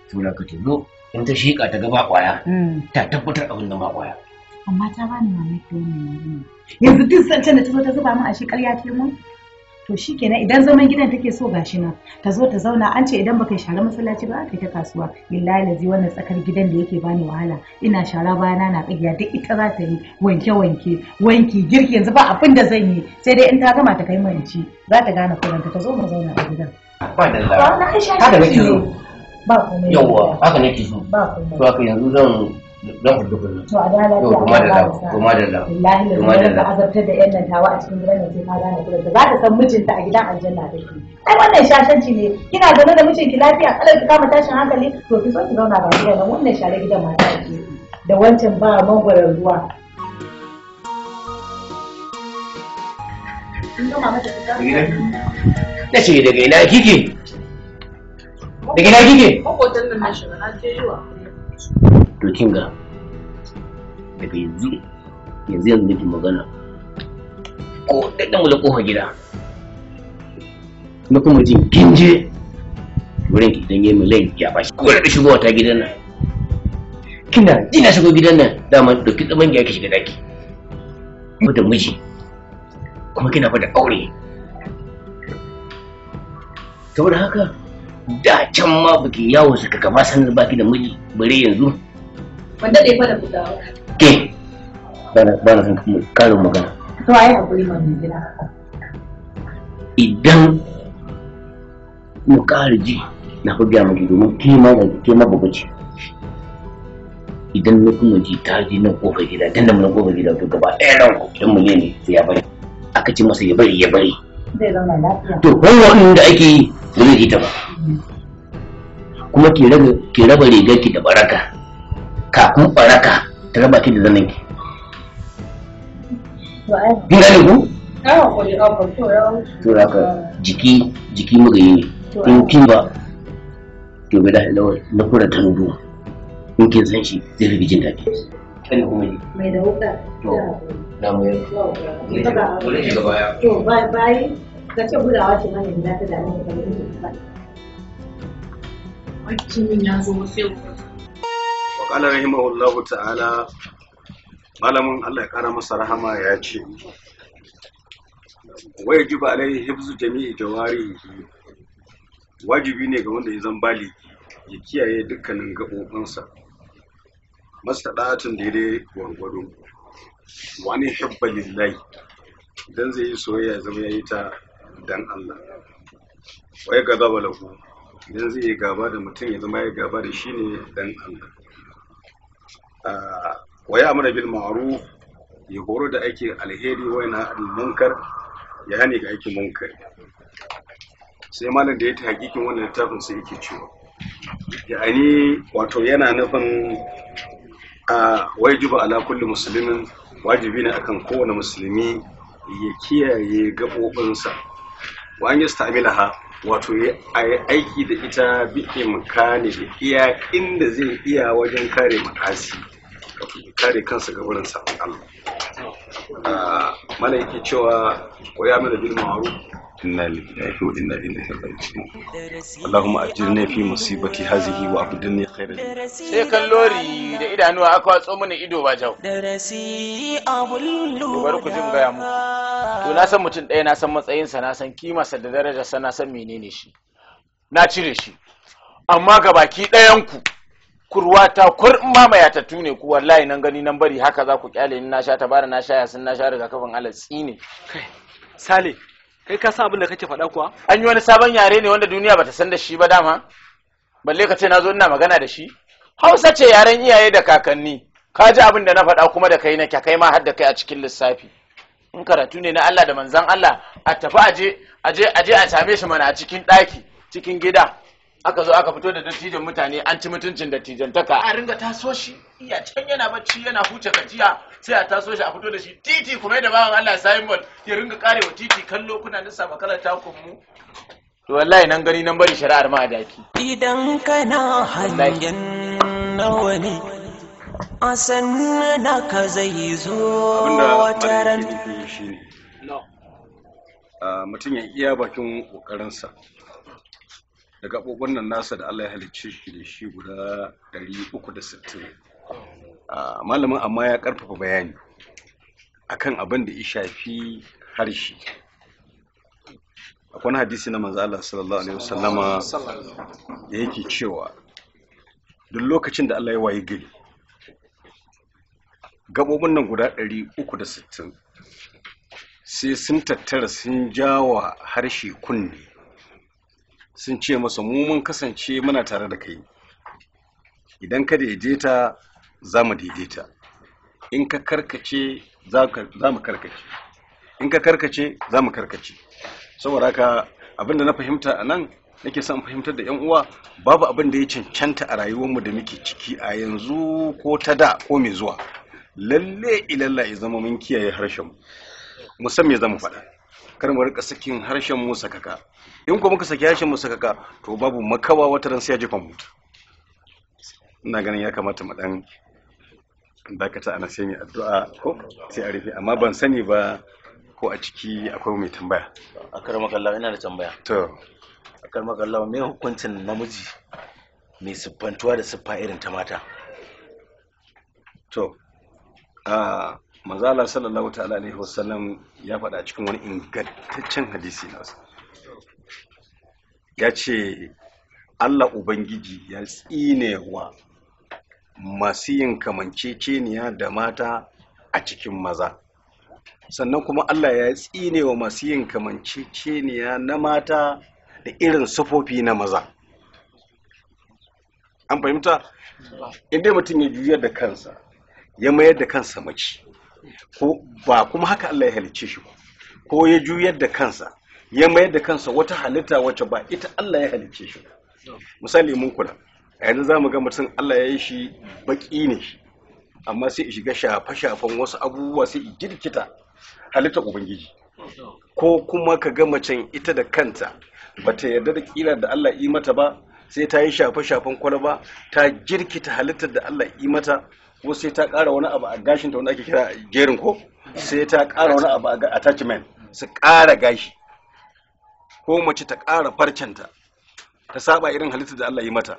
saboda ka ce no in ta shiƙa ta gaba ƙwaya mm. ta tabbatar abin da ba ƙwaya amma ta bani mamaki wannan yi yanzu duk zancen da ta zo ta zuba min a shi ƙarya ce mun to shi kenan idan zaman gidan take so ga shi nan ta zo ta zauna an ce idan baka share masallaci ba kai ta kasuwa billahi lazi wannan tsakar gidan da yake bani wahala ina shara bayana na kagiya duk ita za ta yi wanke wanke wanki girki yanzu ba abin da zan yi sai dai in ta gama ta kai manci za ta gane kuranta ta zo mu zauna a gidan ba da Allah haka nake zo yawwa a yan nan cikin gidan ka san mijinta a gidan aljanna da ke ai wannan shashanci ne kina zaune da mijinki lafiya Allah ki kama tashin hankali to ki zauna ba gidan wannan share gidan mata ke da wancan ba mangwaron ruwa Na ce daga ina kike? da gina kike makotan nan to kin ga daga yanzu yanzu yanzu nake magana ko da mu da kofa gida na kuma jin kinje wurin ki dan yemi lai ya bashi ko da shigo ta gidan nan kina ina shigo gidan nan dama da ki tsaman ki shiga daki ko da miji kuma kina fa da aure saboda haka da can ma baki yawo saka gaba sanar baki da miji bare yanzu wanda dai fara bugawa ke ba na san karin magana to ai hakuri ma mai gida idan mu ƙara ji na fi biya miki domin ke ma da ke ma babu idan na kuma ji ta ji na kofar gida dan da na kofar gida to gaba ɗaya ran ku idan mu ne sai ya bari aka ce masa ya bari ya bari zai lafiya to wannan da ake yi ba zai ji ta ba kuma ki raba rigar ki da baraka kafin baraka ta raba ki da zanen ki kin gane ku to haka jiki jiki muka yi in kin ba to bai da na kura ta nudu in kin san shi zai fi jin daɗi kan kuma ne mai da wuka to na mu to bai bai ka ce gudawa ce da ta da mutumin ya zama sai wa qala rahimahullahu ta'ala malamin Allah ya kara masa rahama ya ce wai ji ba alai hifzu jami'i jawari wajibi ne ga wanda ya zan bali ya kiyaye dukkanin gaɓoɓinsa mastaɗatin daidai gwargwado wani hibba lillahi dan zai yi soyayya zama ya yi ta dan Allah wai ga lahu idan zai yi gaba da mutum ya zama ya gaba da shi ne dan Allah wa ya amara bil ma'ruf ya horo da aikin alheri wa yana munkar ya hane ga aikin munkar sai malam da ya ta hakikin wannan littafin sai yake cewa ya'ani wato yana nufin a wajibu ala kulli musulmin wajibi ne akan kowane musulmi ya kiyaye gabobinsa. wa an yi ha? wato ya yi aiki da ita biɗe mukani da iya inda zai iya wajen kare makasi kare kansa ga wurin samun Allah Ah, mana yake cewa koya mana bil ma'ruf inna lillahi wa inna ilaihi raji'un Allahumma ajirni fi musibati hazihi wa abdilni khairan sai kan lori da idanuwa aka watso mana ido ba jau darasi abul bari ku jin gaya mu to na san mutum ɗaya na san matsayinsa na san kima sa da darajarsa na san menene shi na cire shi amma gabaki baki ɗayan ku kurwata kur in ma ta tune ku wallahi nan gani nan bari haka za ku kyale ni na sha tabara na sha yasin na sha rigakafin alatsi ne kai sale kai ka san abin da kake faɗa kuwa an yi wani sabon yare ne wanda duniya bata san da shi ba dama balle ka ce na zo ina magana da shi hausa ce yaren iyaye da kakanni ka ji abin da na faɗa kuma da kai na kai ma har da kai a cikin lissafi in karatu ne na Allah da manzan Allah a tafi aje aje aje a same shi mana a cikin ɗaki cikin gida aka zo aka fito da dattijan mutane an ci mutuncin dattijantaka a ringa taso shi iya can yana bacci yana huce gajiya sai a taso shi a fito da shi titi kuma da bawan Allah Simon ya ringa karewa titi kallo kuna nisa kala takun mu to wallahi nan gani nan bari shari'ar ma daki idan kana hanyar nawa ne a sannu ka zai zo wata ran mutum ya iya bakin kokarinsa da gabobin nan nasa da Allah ya halicce shi da shi guda 360 ah, malamin amma ya karfafa bayani akan abin da ya shafi harshe akwai hadisi na manzo Allah sallallahu alaihi wasallama da yake cewa duk lokacin da Allah ya wayi gari gabobin nan guda 360 sai sun tattara sun jawa harshe kunne sun ce masa mu mun kasance muna tare da kai idan ka daidaita za mu daidaita in ka karkace za mu karkace in ka karkace za mu karkace saboda haka abinda na fahimta a nan nake son fahimtar da yan uwa babu abin da ya cancanta a rayuwarmu da muke ciki a yanzu ko ta da ko mai zuwa lalle ilalla ya zama mun kiyaye harshen mu san me zama faɗa kar mu rika sakin harshen mu sakaka in ko muka saki harshen mu sakaka to babu makawa wata ran sai ya jifa mutu ina ganin ya kamata mu dan dakata ana sai mai addu'a ko sai a rufe amma ban sani ba ko a ciki akwai mai tambaya a karama kallon ina da tambaya to a karama kallon me hukuncin namiji mai siffantuwa da siffa irin ta mata to ah, mazala sallallahu ta'ala alaihi wasallam ya faɗa cikin wani ingantaccen hadisi na wasu. ya ce Allah Ubangiji ya tsine wa masu yin kamanceceniya da mata a cikin maza sannan kuma Allah ya tsine wa masu yin kamanceceniya na mata da irin sufofi na maza an fahimta inda mutum ya juyar da kansa ya mayar da kansa mace ko ba kuma haka Allah ya halicce shi ba ko ya juyar da kansa ya mayar da kansa wata halitta wacce ba ita Allah ya halicce shi misali mun kula a yanzu za mu ga mutum Allah ya yi shi baki ne shi amma sai ya shiga shafe-shafen wasu abubuwa sai ya girkita halitta ubangiji ko kuma ka ga macen ita da kanta ba ta yarda da kila da Allah yi mata ba sai ta yi shafe-shafen kwalaba ta girkita halittar da Allah yi mata ko sai ta ƙara wani abu a gashin ta wanda ake kira jerin ko sai ta ƙara wani abu a attachment su ƙara gashi ko mace ta ƙara farcenta ta saba irin halitta da Allah yi mata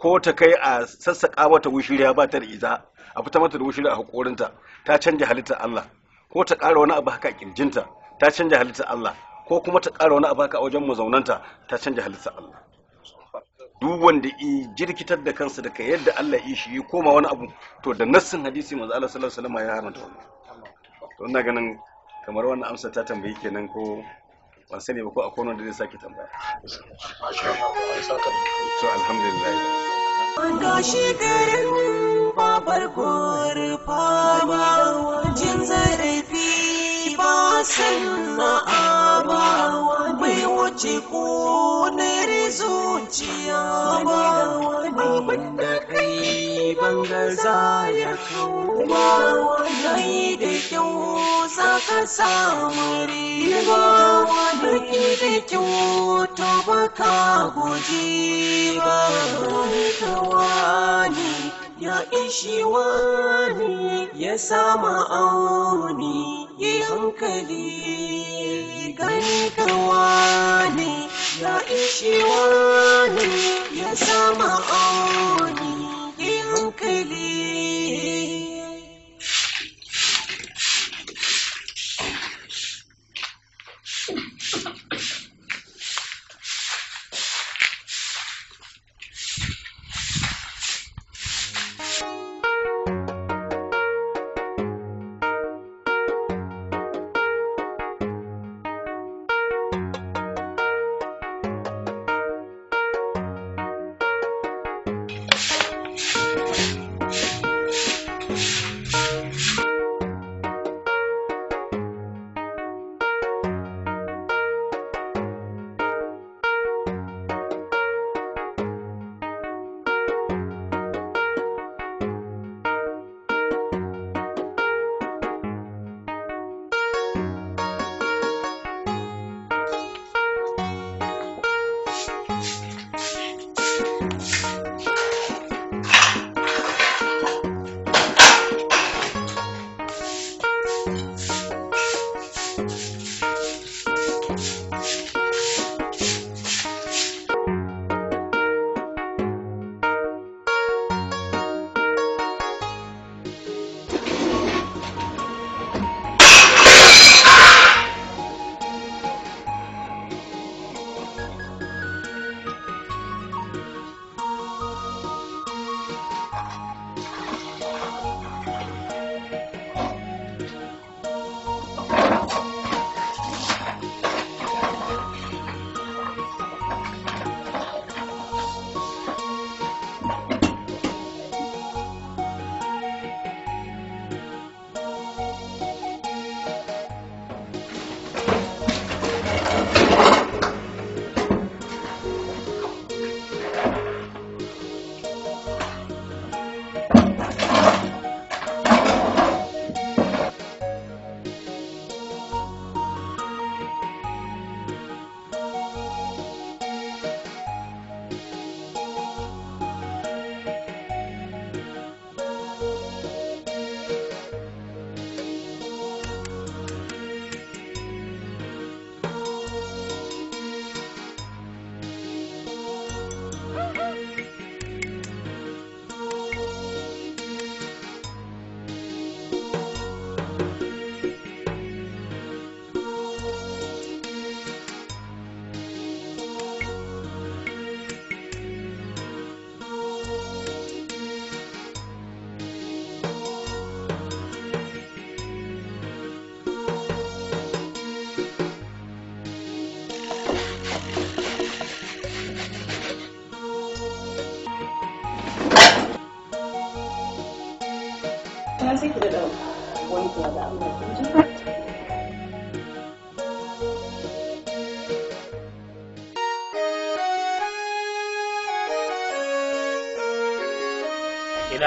ko ta kai a sassaƙa mata wushiriya ba ta da ita a fita mata da wushiriya a haƙorinta ta canja halitta Allah ko ta ƙara wani abu haka a ƙirjinta ta canja halitta Allah ko kuma ta ƙara wani abu haka a wajen mazaunanta ta canja halitta Allah duk wanda i jirkitar da kansa daga yadda Allah ya shi koma wani abu to da nassin hadisi manzo Allah sallallahu alaihi wasallam ya haramta wannan to ina ganin kamar wannan amsa ta tambayi kenan ko ban sani ba ko kono da zai saki tambaya to alhamdulillah Wanda shi garin babar korfa ba Wajen zarafi ba sanna'a ba wuce ƙunar zuciya ba abin da kai bangar za ya kuma wani da kyau za ka samu riba wani da kyau to ba ka guji ba wani ya ishi wani ya sama auni ya hankali gani ne ya ishi wani ya sama auni ya hankali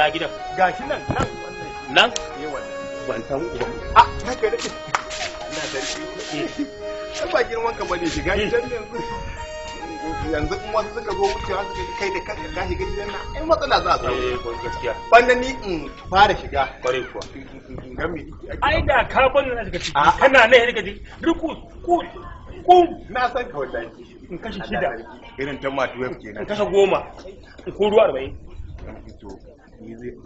ya gidan gashi nan nan nan eh, ah, ina da shi ba girman ka bane yanzu yanzu in wasu suka zo wucewa suka ji kai da kanka ka shiga gidan nan ai matsala za a samu eh, gaskiya banda ni in fara shiga bare kuwa ai da ka bani na ciki kana ne ka ruku ku ku na san ka wallahi in kashi shida irin ta kenan in kashe goma ko ruwa arba'in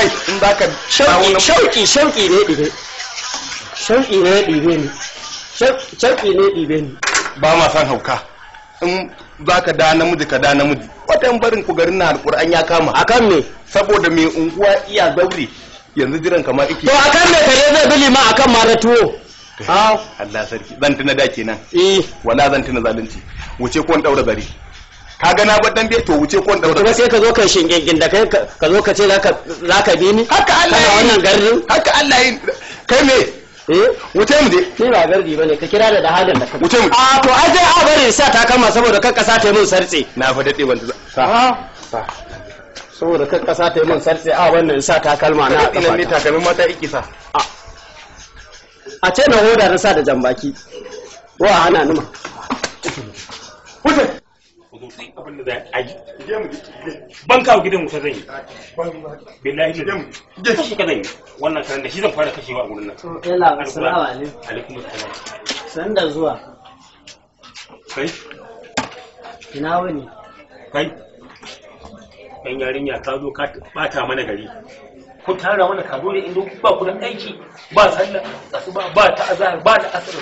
kai in baka shauki shauki ne ɗibe shauki ne ɗibe ni shauki ne ɗibe ni ba ma san hauka in baka da namiji ka da namiji watan barin ku garin na alƙur'an ya kama akan me saboda mai unguwa iya gauri yanzu jiran kama ike to akan me kare zai bi lima akan ma da tuwo eh, Allah sarki zan tuna da kenan eh wala zan tuna zalunci wuce ko daura zari ka ga na badan bai to wuce ko da kuma sai ka zo ka shingingin da kai ka zo ka ce za ka bi ni haka Allah ya wannan garin haka Allah ya kai me eh? wuce mu dai ni ba gardi bane ka kira da dahadan da wuce mu a to a je a bari sa ta kama saboda kan kasa ta yi mun sarce na fa dade ban ah. sa saboda kan kasa ta yi mun sarce a wannan sa ta kalma na ina ne takalmin mata iki sa a ce na hoda na sa da jambaki wa ana numa wuce sai abin da za a yi ban kawo gidan wuta zan yi billahi ne da su ka zan yi wannan karen da shi zan fara kashewa a wurin nan ila assalamu alaikum alaikum assalam san da zuwa kai ina wani kai dan yarinya ta zo ka bata mana gari ku tara mana kazo ne indo ba ku da aiki ba sallah asuba ba ta azhar ba ta asr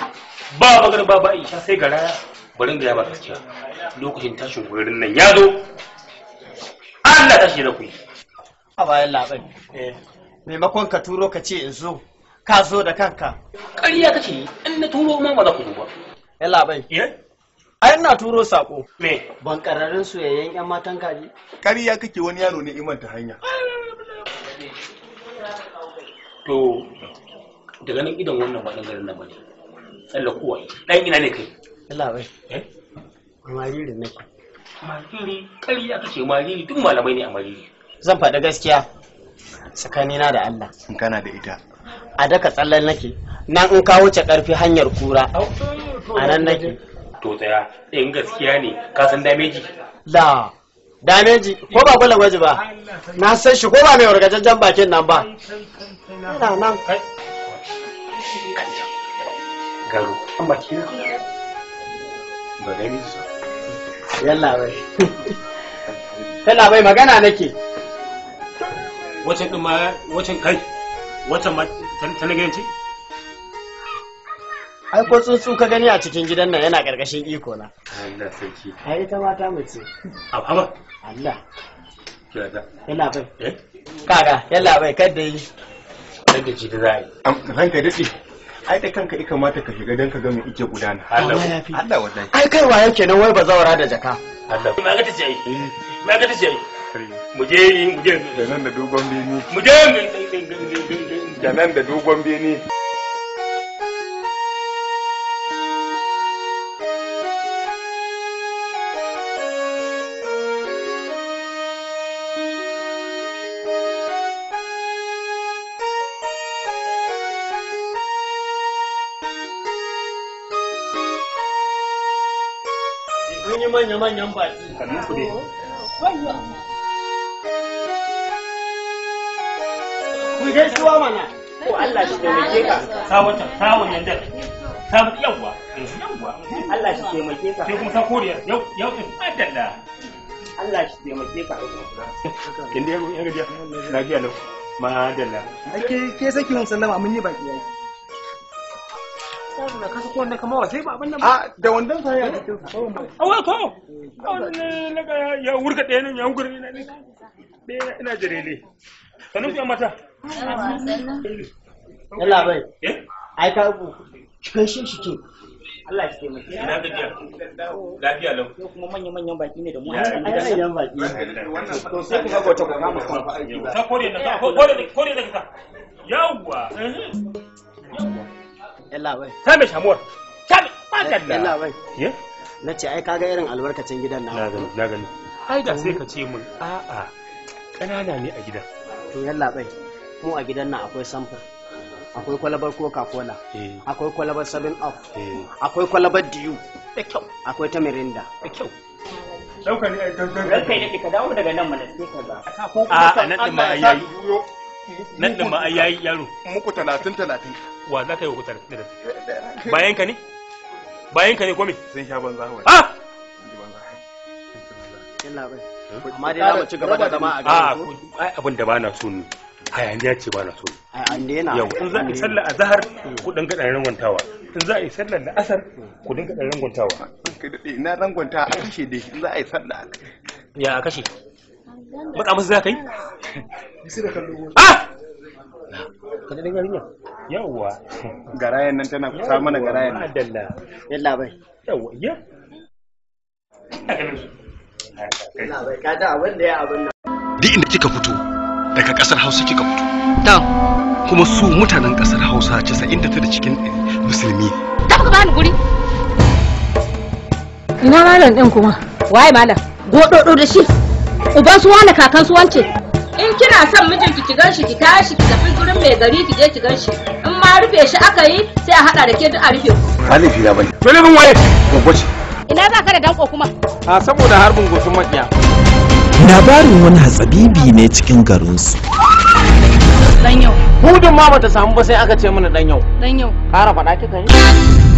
ba magana ba ba isha sai garaya bari da ya ba gaskiya lokacin tashin wurin nan ya zo Allah tashi da ku a bayan labarin eh. maimakon ka turo ka ce in zo ka zo da kanka ƙarya ce in na turo ma ba za ku zo ba ya labai eh? ai ina turo sako me ban kararin soyayyen yan matan kaji ƙarya kake wani yaro ne imanta hanya to daga nan idan wannan ba dan garin nan bane tsallakowa dan ina ne kai ya labai eh mariri ne mariri kari aka ce mariri duk malamai ne a mariri zan faɗi gaskiya tsakanina da Allah in kana da ita a daka tsallan nake nan in ka wuce karfi hanyar kura a nan nake to tsaya eh, in gaskiya ne ka san dameji la dameji ko ba gwala gwaji ba na san shi ko ba mai wargajajjen bakin nan ba ina nan kai garo an baki na ba dameji yalla bai yalla bai magana nake wacce din ma wacce kai wacce ma ta nagenci ai ko tsuntsu ka gani a cikin gidan nan yana karkashin iko na Allah sarki ai ita ta mace ababa Allah yalla bai eh? kaga yalla bai kada yi kada ji da zai an kai dace ai da kanka ika mata ka shiga dan ka ga me ike gudana Allah Allah wallahi ai kai wa yake nan wai bazawara da jaka Allah ma ga ta ce ai eh. ma ga ta ce ai mu je mu je da nan da dogon beni mu je da nan da dogon beni manyan baki sannan ku gaisuwa oh, mana ko Allah shi taimake ka sabon sabon yanda sabon yawwa yawwa Allah shi taimake ka sai kuma sakoriya yau yau din adalla Allah shi taimake ka kin dai mun yaga lafiya lau madalla ake ke saki mun sallama mun yi baki yayi a ah, da wannan sa ya a wa ya wurga ɗaya nan ya wurga ɗaya ina jirele mata eh? ai ka cikin shi shi ke Allah taimake ina lafiya lau kuma manyan manyan baki ne da mu manyan baki to sai ku ga gota ku kama fa aiki kore ka eh, kore ne ka yawwa eh? yawwa yalla bai ta me shamuwar ta me yalla bai ye na ce ai kaga irin albarkacin gidan na na gani na gani ai da sai ka ce mun a'a kanana ne a gidan to yalla bai mu a gidan nan akwai samfur akwai kwalabar coca cola eh. akwai kwalabar seven up eh. akwai kwalabar diyu da kyau akwai ta mirinda da kyau daukar ne a daukar ne ka dawo daga nan mana sai ka ga a nan din ma yayi nan da ma ai yayi yaro muku 30 30 wa za ka yi ku 30 bayan ka ne bayan ka ne ko me sun sha banza ah bai hmm? amma dai za mu ci gaba da zama a gaba ah, ai abin da bana so ne ce bana so ai an daina yau in za a yi sallar azhar ku dinga dan rangwantawa in za a yi sallar ku dinga dan rangwantawa na rangwanta a kashe dai za a yi sallar ya a kashe matsa musu za ka yi ah, ah! ka da yarinya yawwa garayen nan tana kusa mana garayen nan adalla yalla bai yawwa ya duk inda kika fito daga kasar hausa kika fito kuma su mutanen kasar hausa casa'in da ta cikin musulmi ne ba ni guri ina malam din kuma waye malam gododo da shi uban su wani kakan su wance in kina son mijinki ki ganshi ki tashi ki tafi gurin mai gari ki je ki ganshi in ma rufe shi aka yi sai a hada da ke duk a rufe ku halifi da bane to mun waye gogoci ina za ka da danko kuma a saboda harbin gosun makiya labarin wani hatsabibi ne cikin garinsu su yau hudun ma bata samu ba sai aka ce mana dan yau dan yau kara faɗa kika yi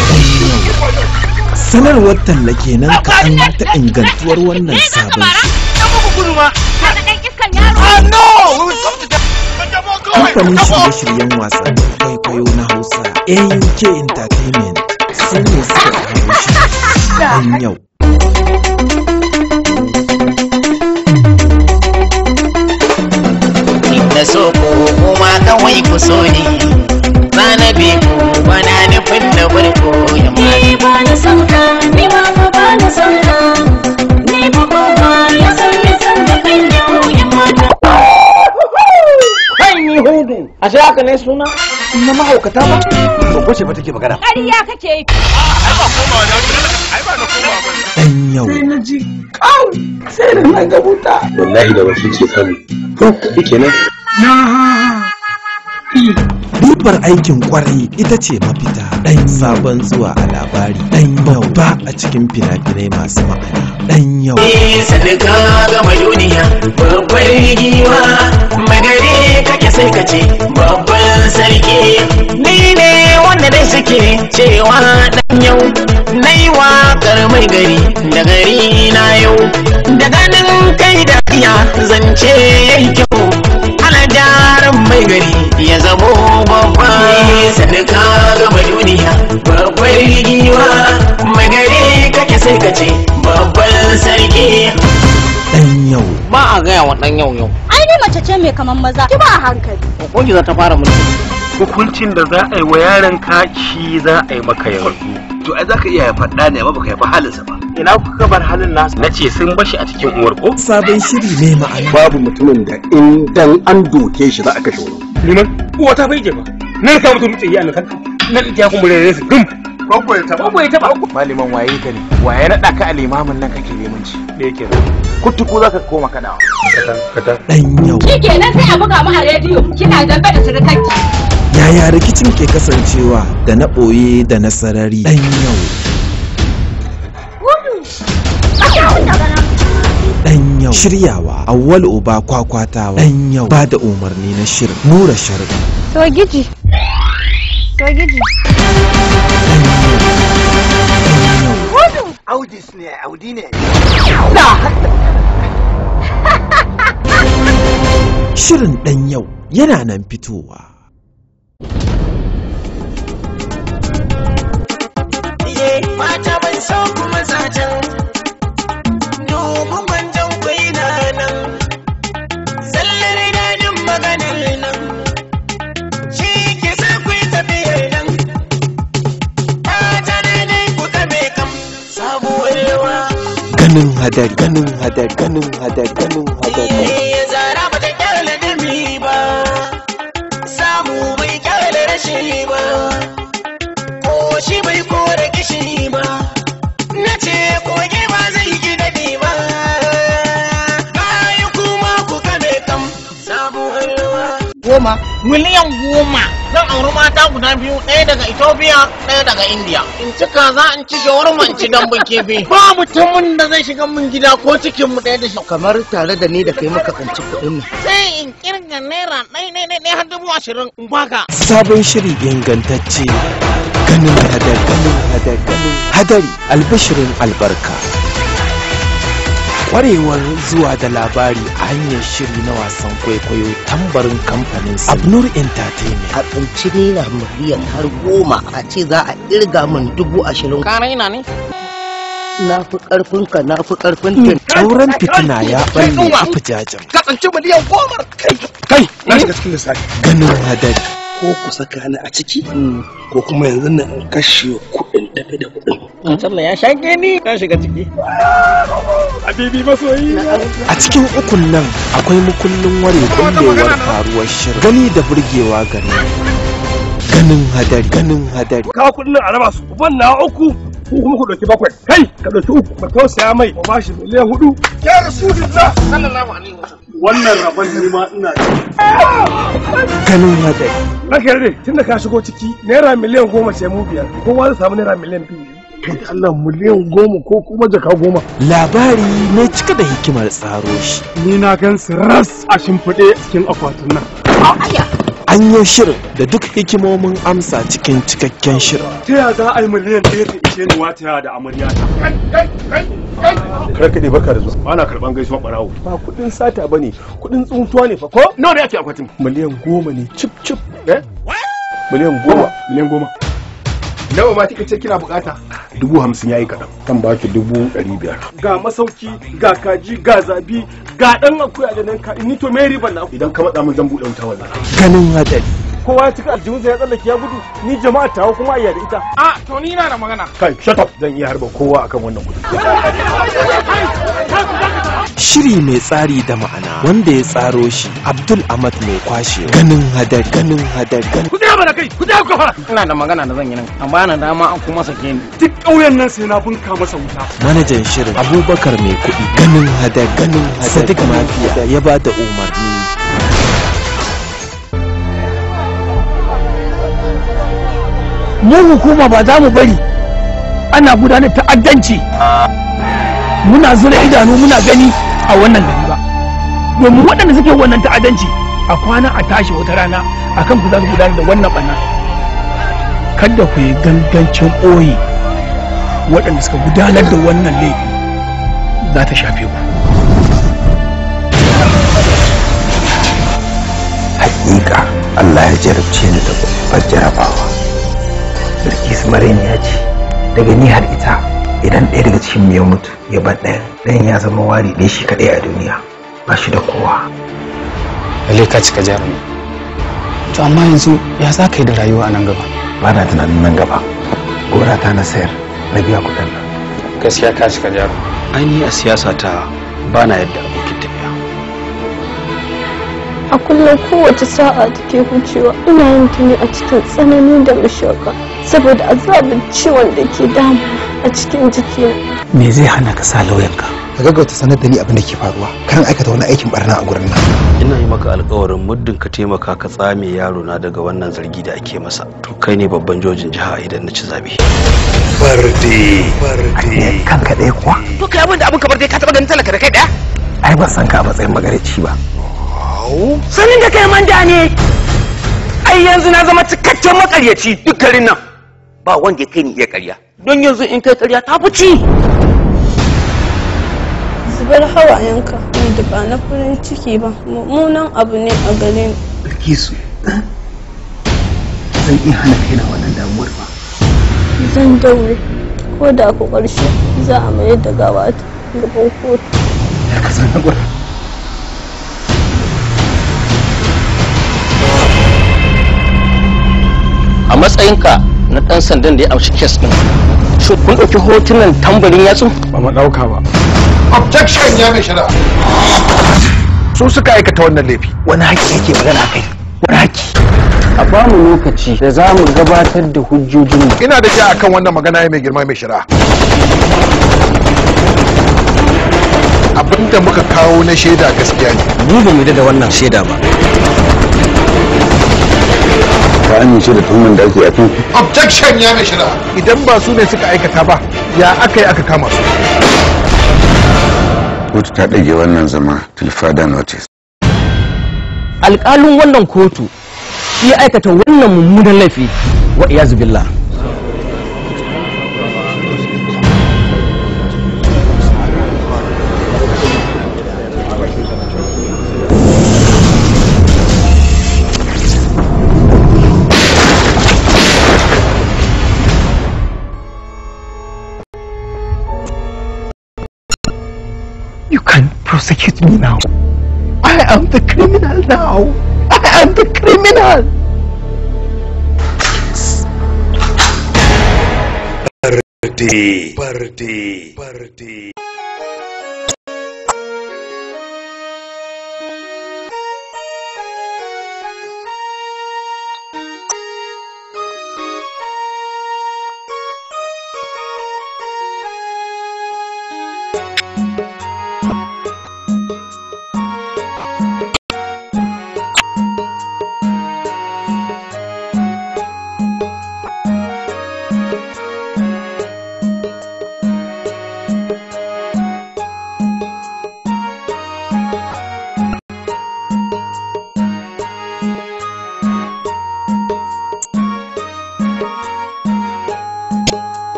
sanarwar talla kenan kaɗan ta ingantuwar wannan sabon kamfanin shirye-shiryen da kwaikwayo na hausa auk entertainment sun ne suka kawo shi don yau Inda so ko kuma kawai ku so ne zanabi ku bana nufin da farko ba ni ma ni ya san ni a shi haka ne suna na mahaukata ba to ko ba take magana ƙarya kake yi ai ba koma da ai ba na koma ba dan yau sai na ji kau sai da na gabuta wallahi da wasu sani na ha siffar aikin kwarai ita ce mafita ɗan sabon zuwa a labari ɗan yau ba a cikin fina-finai masu ma'ana ɗan yau. Eh, sadaka gama duniya babbar giwa magare kake sai ka ce babban sarki ni ne wanda dai suke cewa ɗan yau nai waƙar mai gari da garina yau da ganin kai da iya zance yayi kyau jarin mai gari ya zamo babba sani ka duniya babbar rigiwa mai gari kake sai ka ce babban sarki dan yau ba a gaya wa dan yau yau ai ni mace ce mai kaman maza ki ba a hankali ki za ta fara mulki hukuncin da za a yi wa yaron ka shi za a yi maka yanzu to ai zaka iya faɗa ne amma baka yi ba sa ba ina kuka bar halin nasu na ce sun bashi a cikin uwar ko sabon shiri ne ma'ana babu mutumin da in dan an doke shi za a kashe wani liman uwa ta bai je ba nan ka mutum tsaye a nan kan nan ta kuma rere su dum Koko ya taba. Koko ya taba. Maliman waye ka ne? Waye naɗa ka a limamin nan kake limanci? Me yake da? Kuttuku zaka koma kadawa. Katan katan. Ɗan yau. Ki kenan sai a buga mu a rediyo kina dambe da surukanki. Yaya rikicin ke kasancewa da na ɓoye da na sarari ɗan yau. Ɗan yau shiryawa awwal uba kwakwatawa ɗan yau ba da umarni na shirin nura sharbi. Sogiji. Sogiji. Audis Shirin ɗan yau yana nan fitowa. Mata ban sau kuma zane. ganin hadari ganin hadari ganin hadari ganin ganin hadari eh, ba ta kyale dumi ba samu bai kyale rashi ba ko shi bai kore kishi ba na ce koge ba zai yi dade ba bayan kuma ku kame kam samu halwa goma miliyan goma zan auri mata guda biyu ɗaya daga ethiopia ɗaya daga india in cika za in ci shawarma in ci dambun kifi ba mutumin da zai shiga min gida ko cikin mu ɗaya da shi kamar tare da ni da kai muka kanci kuɗin mu. sai in kirga naira ɗaya ɗaya ɗaya har dubu ashirin in baka sabon shiri ingantacce ganin hadari hadari albishirin albarka kwarewar zuwa da labari a hanyar shiri na wasan kwaikwayo tambarin kamfanin abnur entertainment a cini na miliyan har goma a ce za a irga min dubu ashirin kana raina ne na fi karfin ka na fi karfin ka hmm. tauran fitina ya balle a fijajen ka tsinci miliyan goma kai kai na shiga cikin lissafi ganin hadari ko ku saka ni a ciki hmm. ko kuma yanzu na kashe kuɗin tafi da kuɗin. Ah, Allah ya shaƙe ni ka shiga ciki. Abibi masoyi. A cikin ukun nan akwai mukullin ware kullewar faruwar shirin gani da burgewa gare. Ganin hadari, ganin hadari. Ka kuɗin a raba su, ban na uku ko kuma ku ɗauki bakwai. Kai, ka ɗauki uku, ka tausaya mai, Ba shi miliyan hudu. Ya Rasulullah, sallallahu alaihi wasallam. wannan rabon ni ma ina ganin madai raka rade tun da ka shigo ciki naira miliyan goma sai mu biyar kowa zai samu naira miliyan biyu kai da Allah miliyan goma ko kuma jaka goma labari ne cika da hikimar tsaro shi ni na gan su ras a shimfiɗe cikin akwatin nan an yi shirin da duk hikimomin amsa cikin cikakken shirin. Ta ya za a yi miliyan ɗaya ta ishe ni wata da amarya ta. Karkade baka da zuwa. Ba na karɓan gaisuwa ɓarawo. Ba kuɗin sata ba ne, kuɗin tsuntuwa ne fa ko? Nawa ne ake akwatin? Miliyan goma ne cip cip. Eh? Miliyan goma. Miliyan goma. nawa ma kika ce kina bukata dubu hamsin yayi kaɗan kan baki dubu ɗari biyar ga masauki ga kaji ga zabi ga ɗan akuya da nan ka ni to me riban na idan ka maɗa min zan buɗe wuta wallahi ganin hadari kowa ya cika ya tsallake ya gudu ni jama'a tawa kuma iya da ita a to ni na da magana kai shut up zan iya harba kowa akan wannan gudu shiri mai tsari da ma'ana wanda ya tsaro shi abdul ahmad mai kwashe ganin hadari ganin hadari ganin kudi tsaya mana kai kudi tsaya ku fara ina da magana da zan yi nan amma na dama an kuma sake ni duk ƙauyen nan sai na bunka masa wuta manajan shirin abubakar mai kuɗi ganin hadari ganin hadari sadiq mafiya ya ba da umarni mu hukuma ba za mu bari ana gudanar ta'addanci muna zura idanu muna gani a wannan gari ba domin waɗanda suke wannan ta'adanci a kwana a tashi wata rana a kan ku za su gudanar da wannan ɓana kada ku yi gangancin ɓoye waɗanda suka gudanar da wannan laifi za ta shafe ku haƙiƙa Allah ya jarabce ni da babbar jarabawa Bilkisu Maryam ya ce daga ni har ita idan ɗaya daga cikin mu ya mutu gaba ɗaya ɗayan ya zama wari ɗaya shi kaɗai a duniya ba shi da kowa lalle ka cika jarumi to amma yanzu ya za ka yi da rayuwa a nan gaba ba na tunanin nan gaba gora ta na sayar na biya kuɗin nan gaskiya ka cika jarumi ainihi a siyasa ta ba na yadda abokin tafiya a kullum kowace sa'a da ke hucewa ina yin tuni a cikin tsanani da mashaka saboda azabin ciwon da ke damu a cikin jikina. Me zai hana ka sa lauyanka? Ka gaggauta sanar da ni abin da ke faruwa. Karan aikata wani aikin barna a gurin nan. Ina yi maka alkawarin muddin ka taimaka ka tsame yaro na daga wannan zargi da ake masa. To kai ne babban jojin jiha idan na ci zabe. Barde. Barde. Kanka ɗaya kuwa? To kai abin da abin ka barde ka taɓa ganin talaka da kai ɗaya? Ai ban san ka a matsayin magareci ba. Sanin da kai manja ne. Ai yanzu na zama cikakken makaryaci duk garin nan. Ba wanda ya kai ni iya karya. don yanzu in kai karya ta fuci zubar hawayenka da ba na kurin ciki ba mummunan abu ne a gare ni su zan iya hana na wannan damuwar ba zan daure ko da ku ƙarshe za a mai da gawa ta gaban kotu ka zan haƙura a matsayinka na dan sandan da ya amshi kes din shi kun dauki hotunan tambarin yatsu ba ma dauka ba objection ya mai shari'a su suka aikata wannan laifi wani haƙƙi yake magana kai wani haƙƙi a ba mu lokaci da za mu gabatar da hujjojin ina da a akan wannan magana ya mai girma mai shari'a abinda muka kawo na shaida gaskiya ne mu ba mu da wannan shaida ba ka amince da tuhuman da ake a kan objection ya mai shira idan ba su ne suka aikata ba ya aka yi aka kama su kotu ta ɗage wannan zama tilfada notice alƙalin wannan kotu ya aikata wannan mummunan laifi wa iyazu billah prosecute me now. I am the criminal now. I am the criminal. Party, party, party.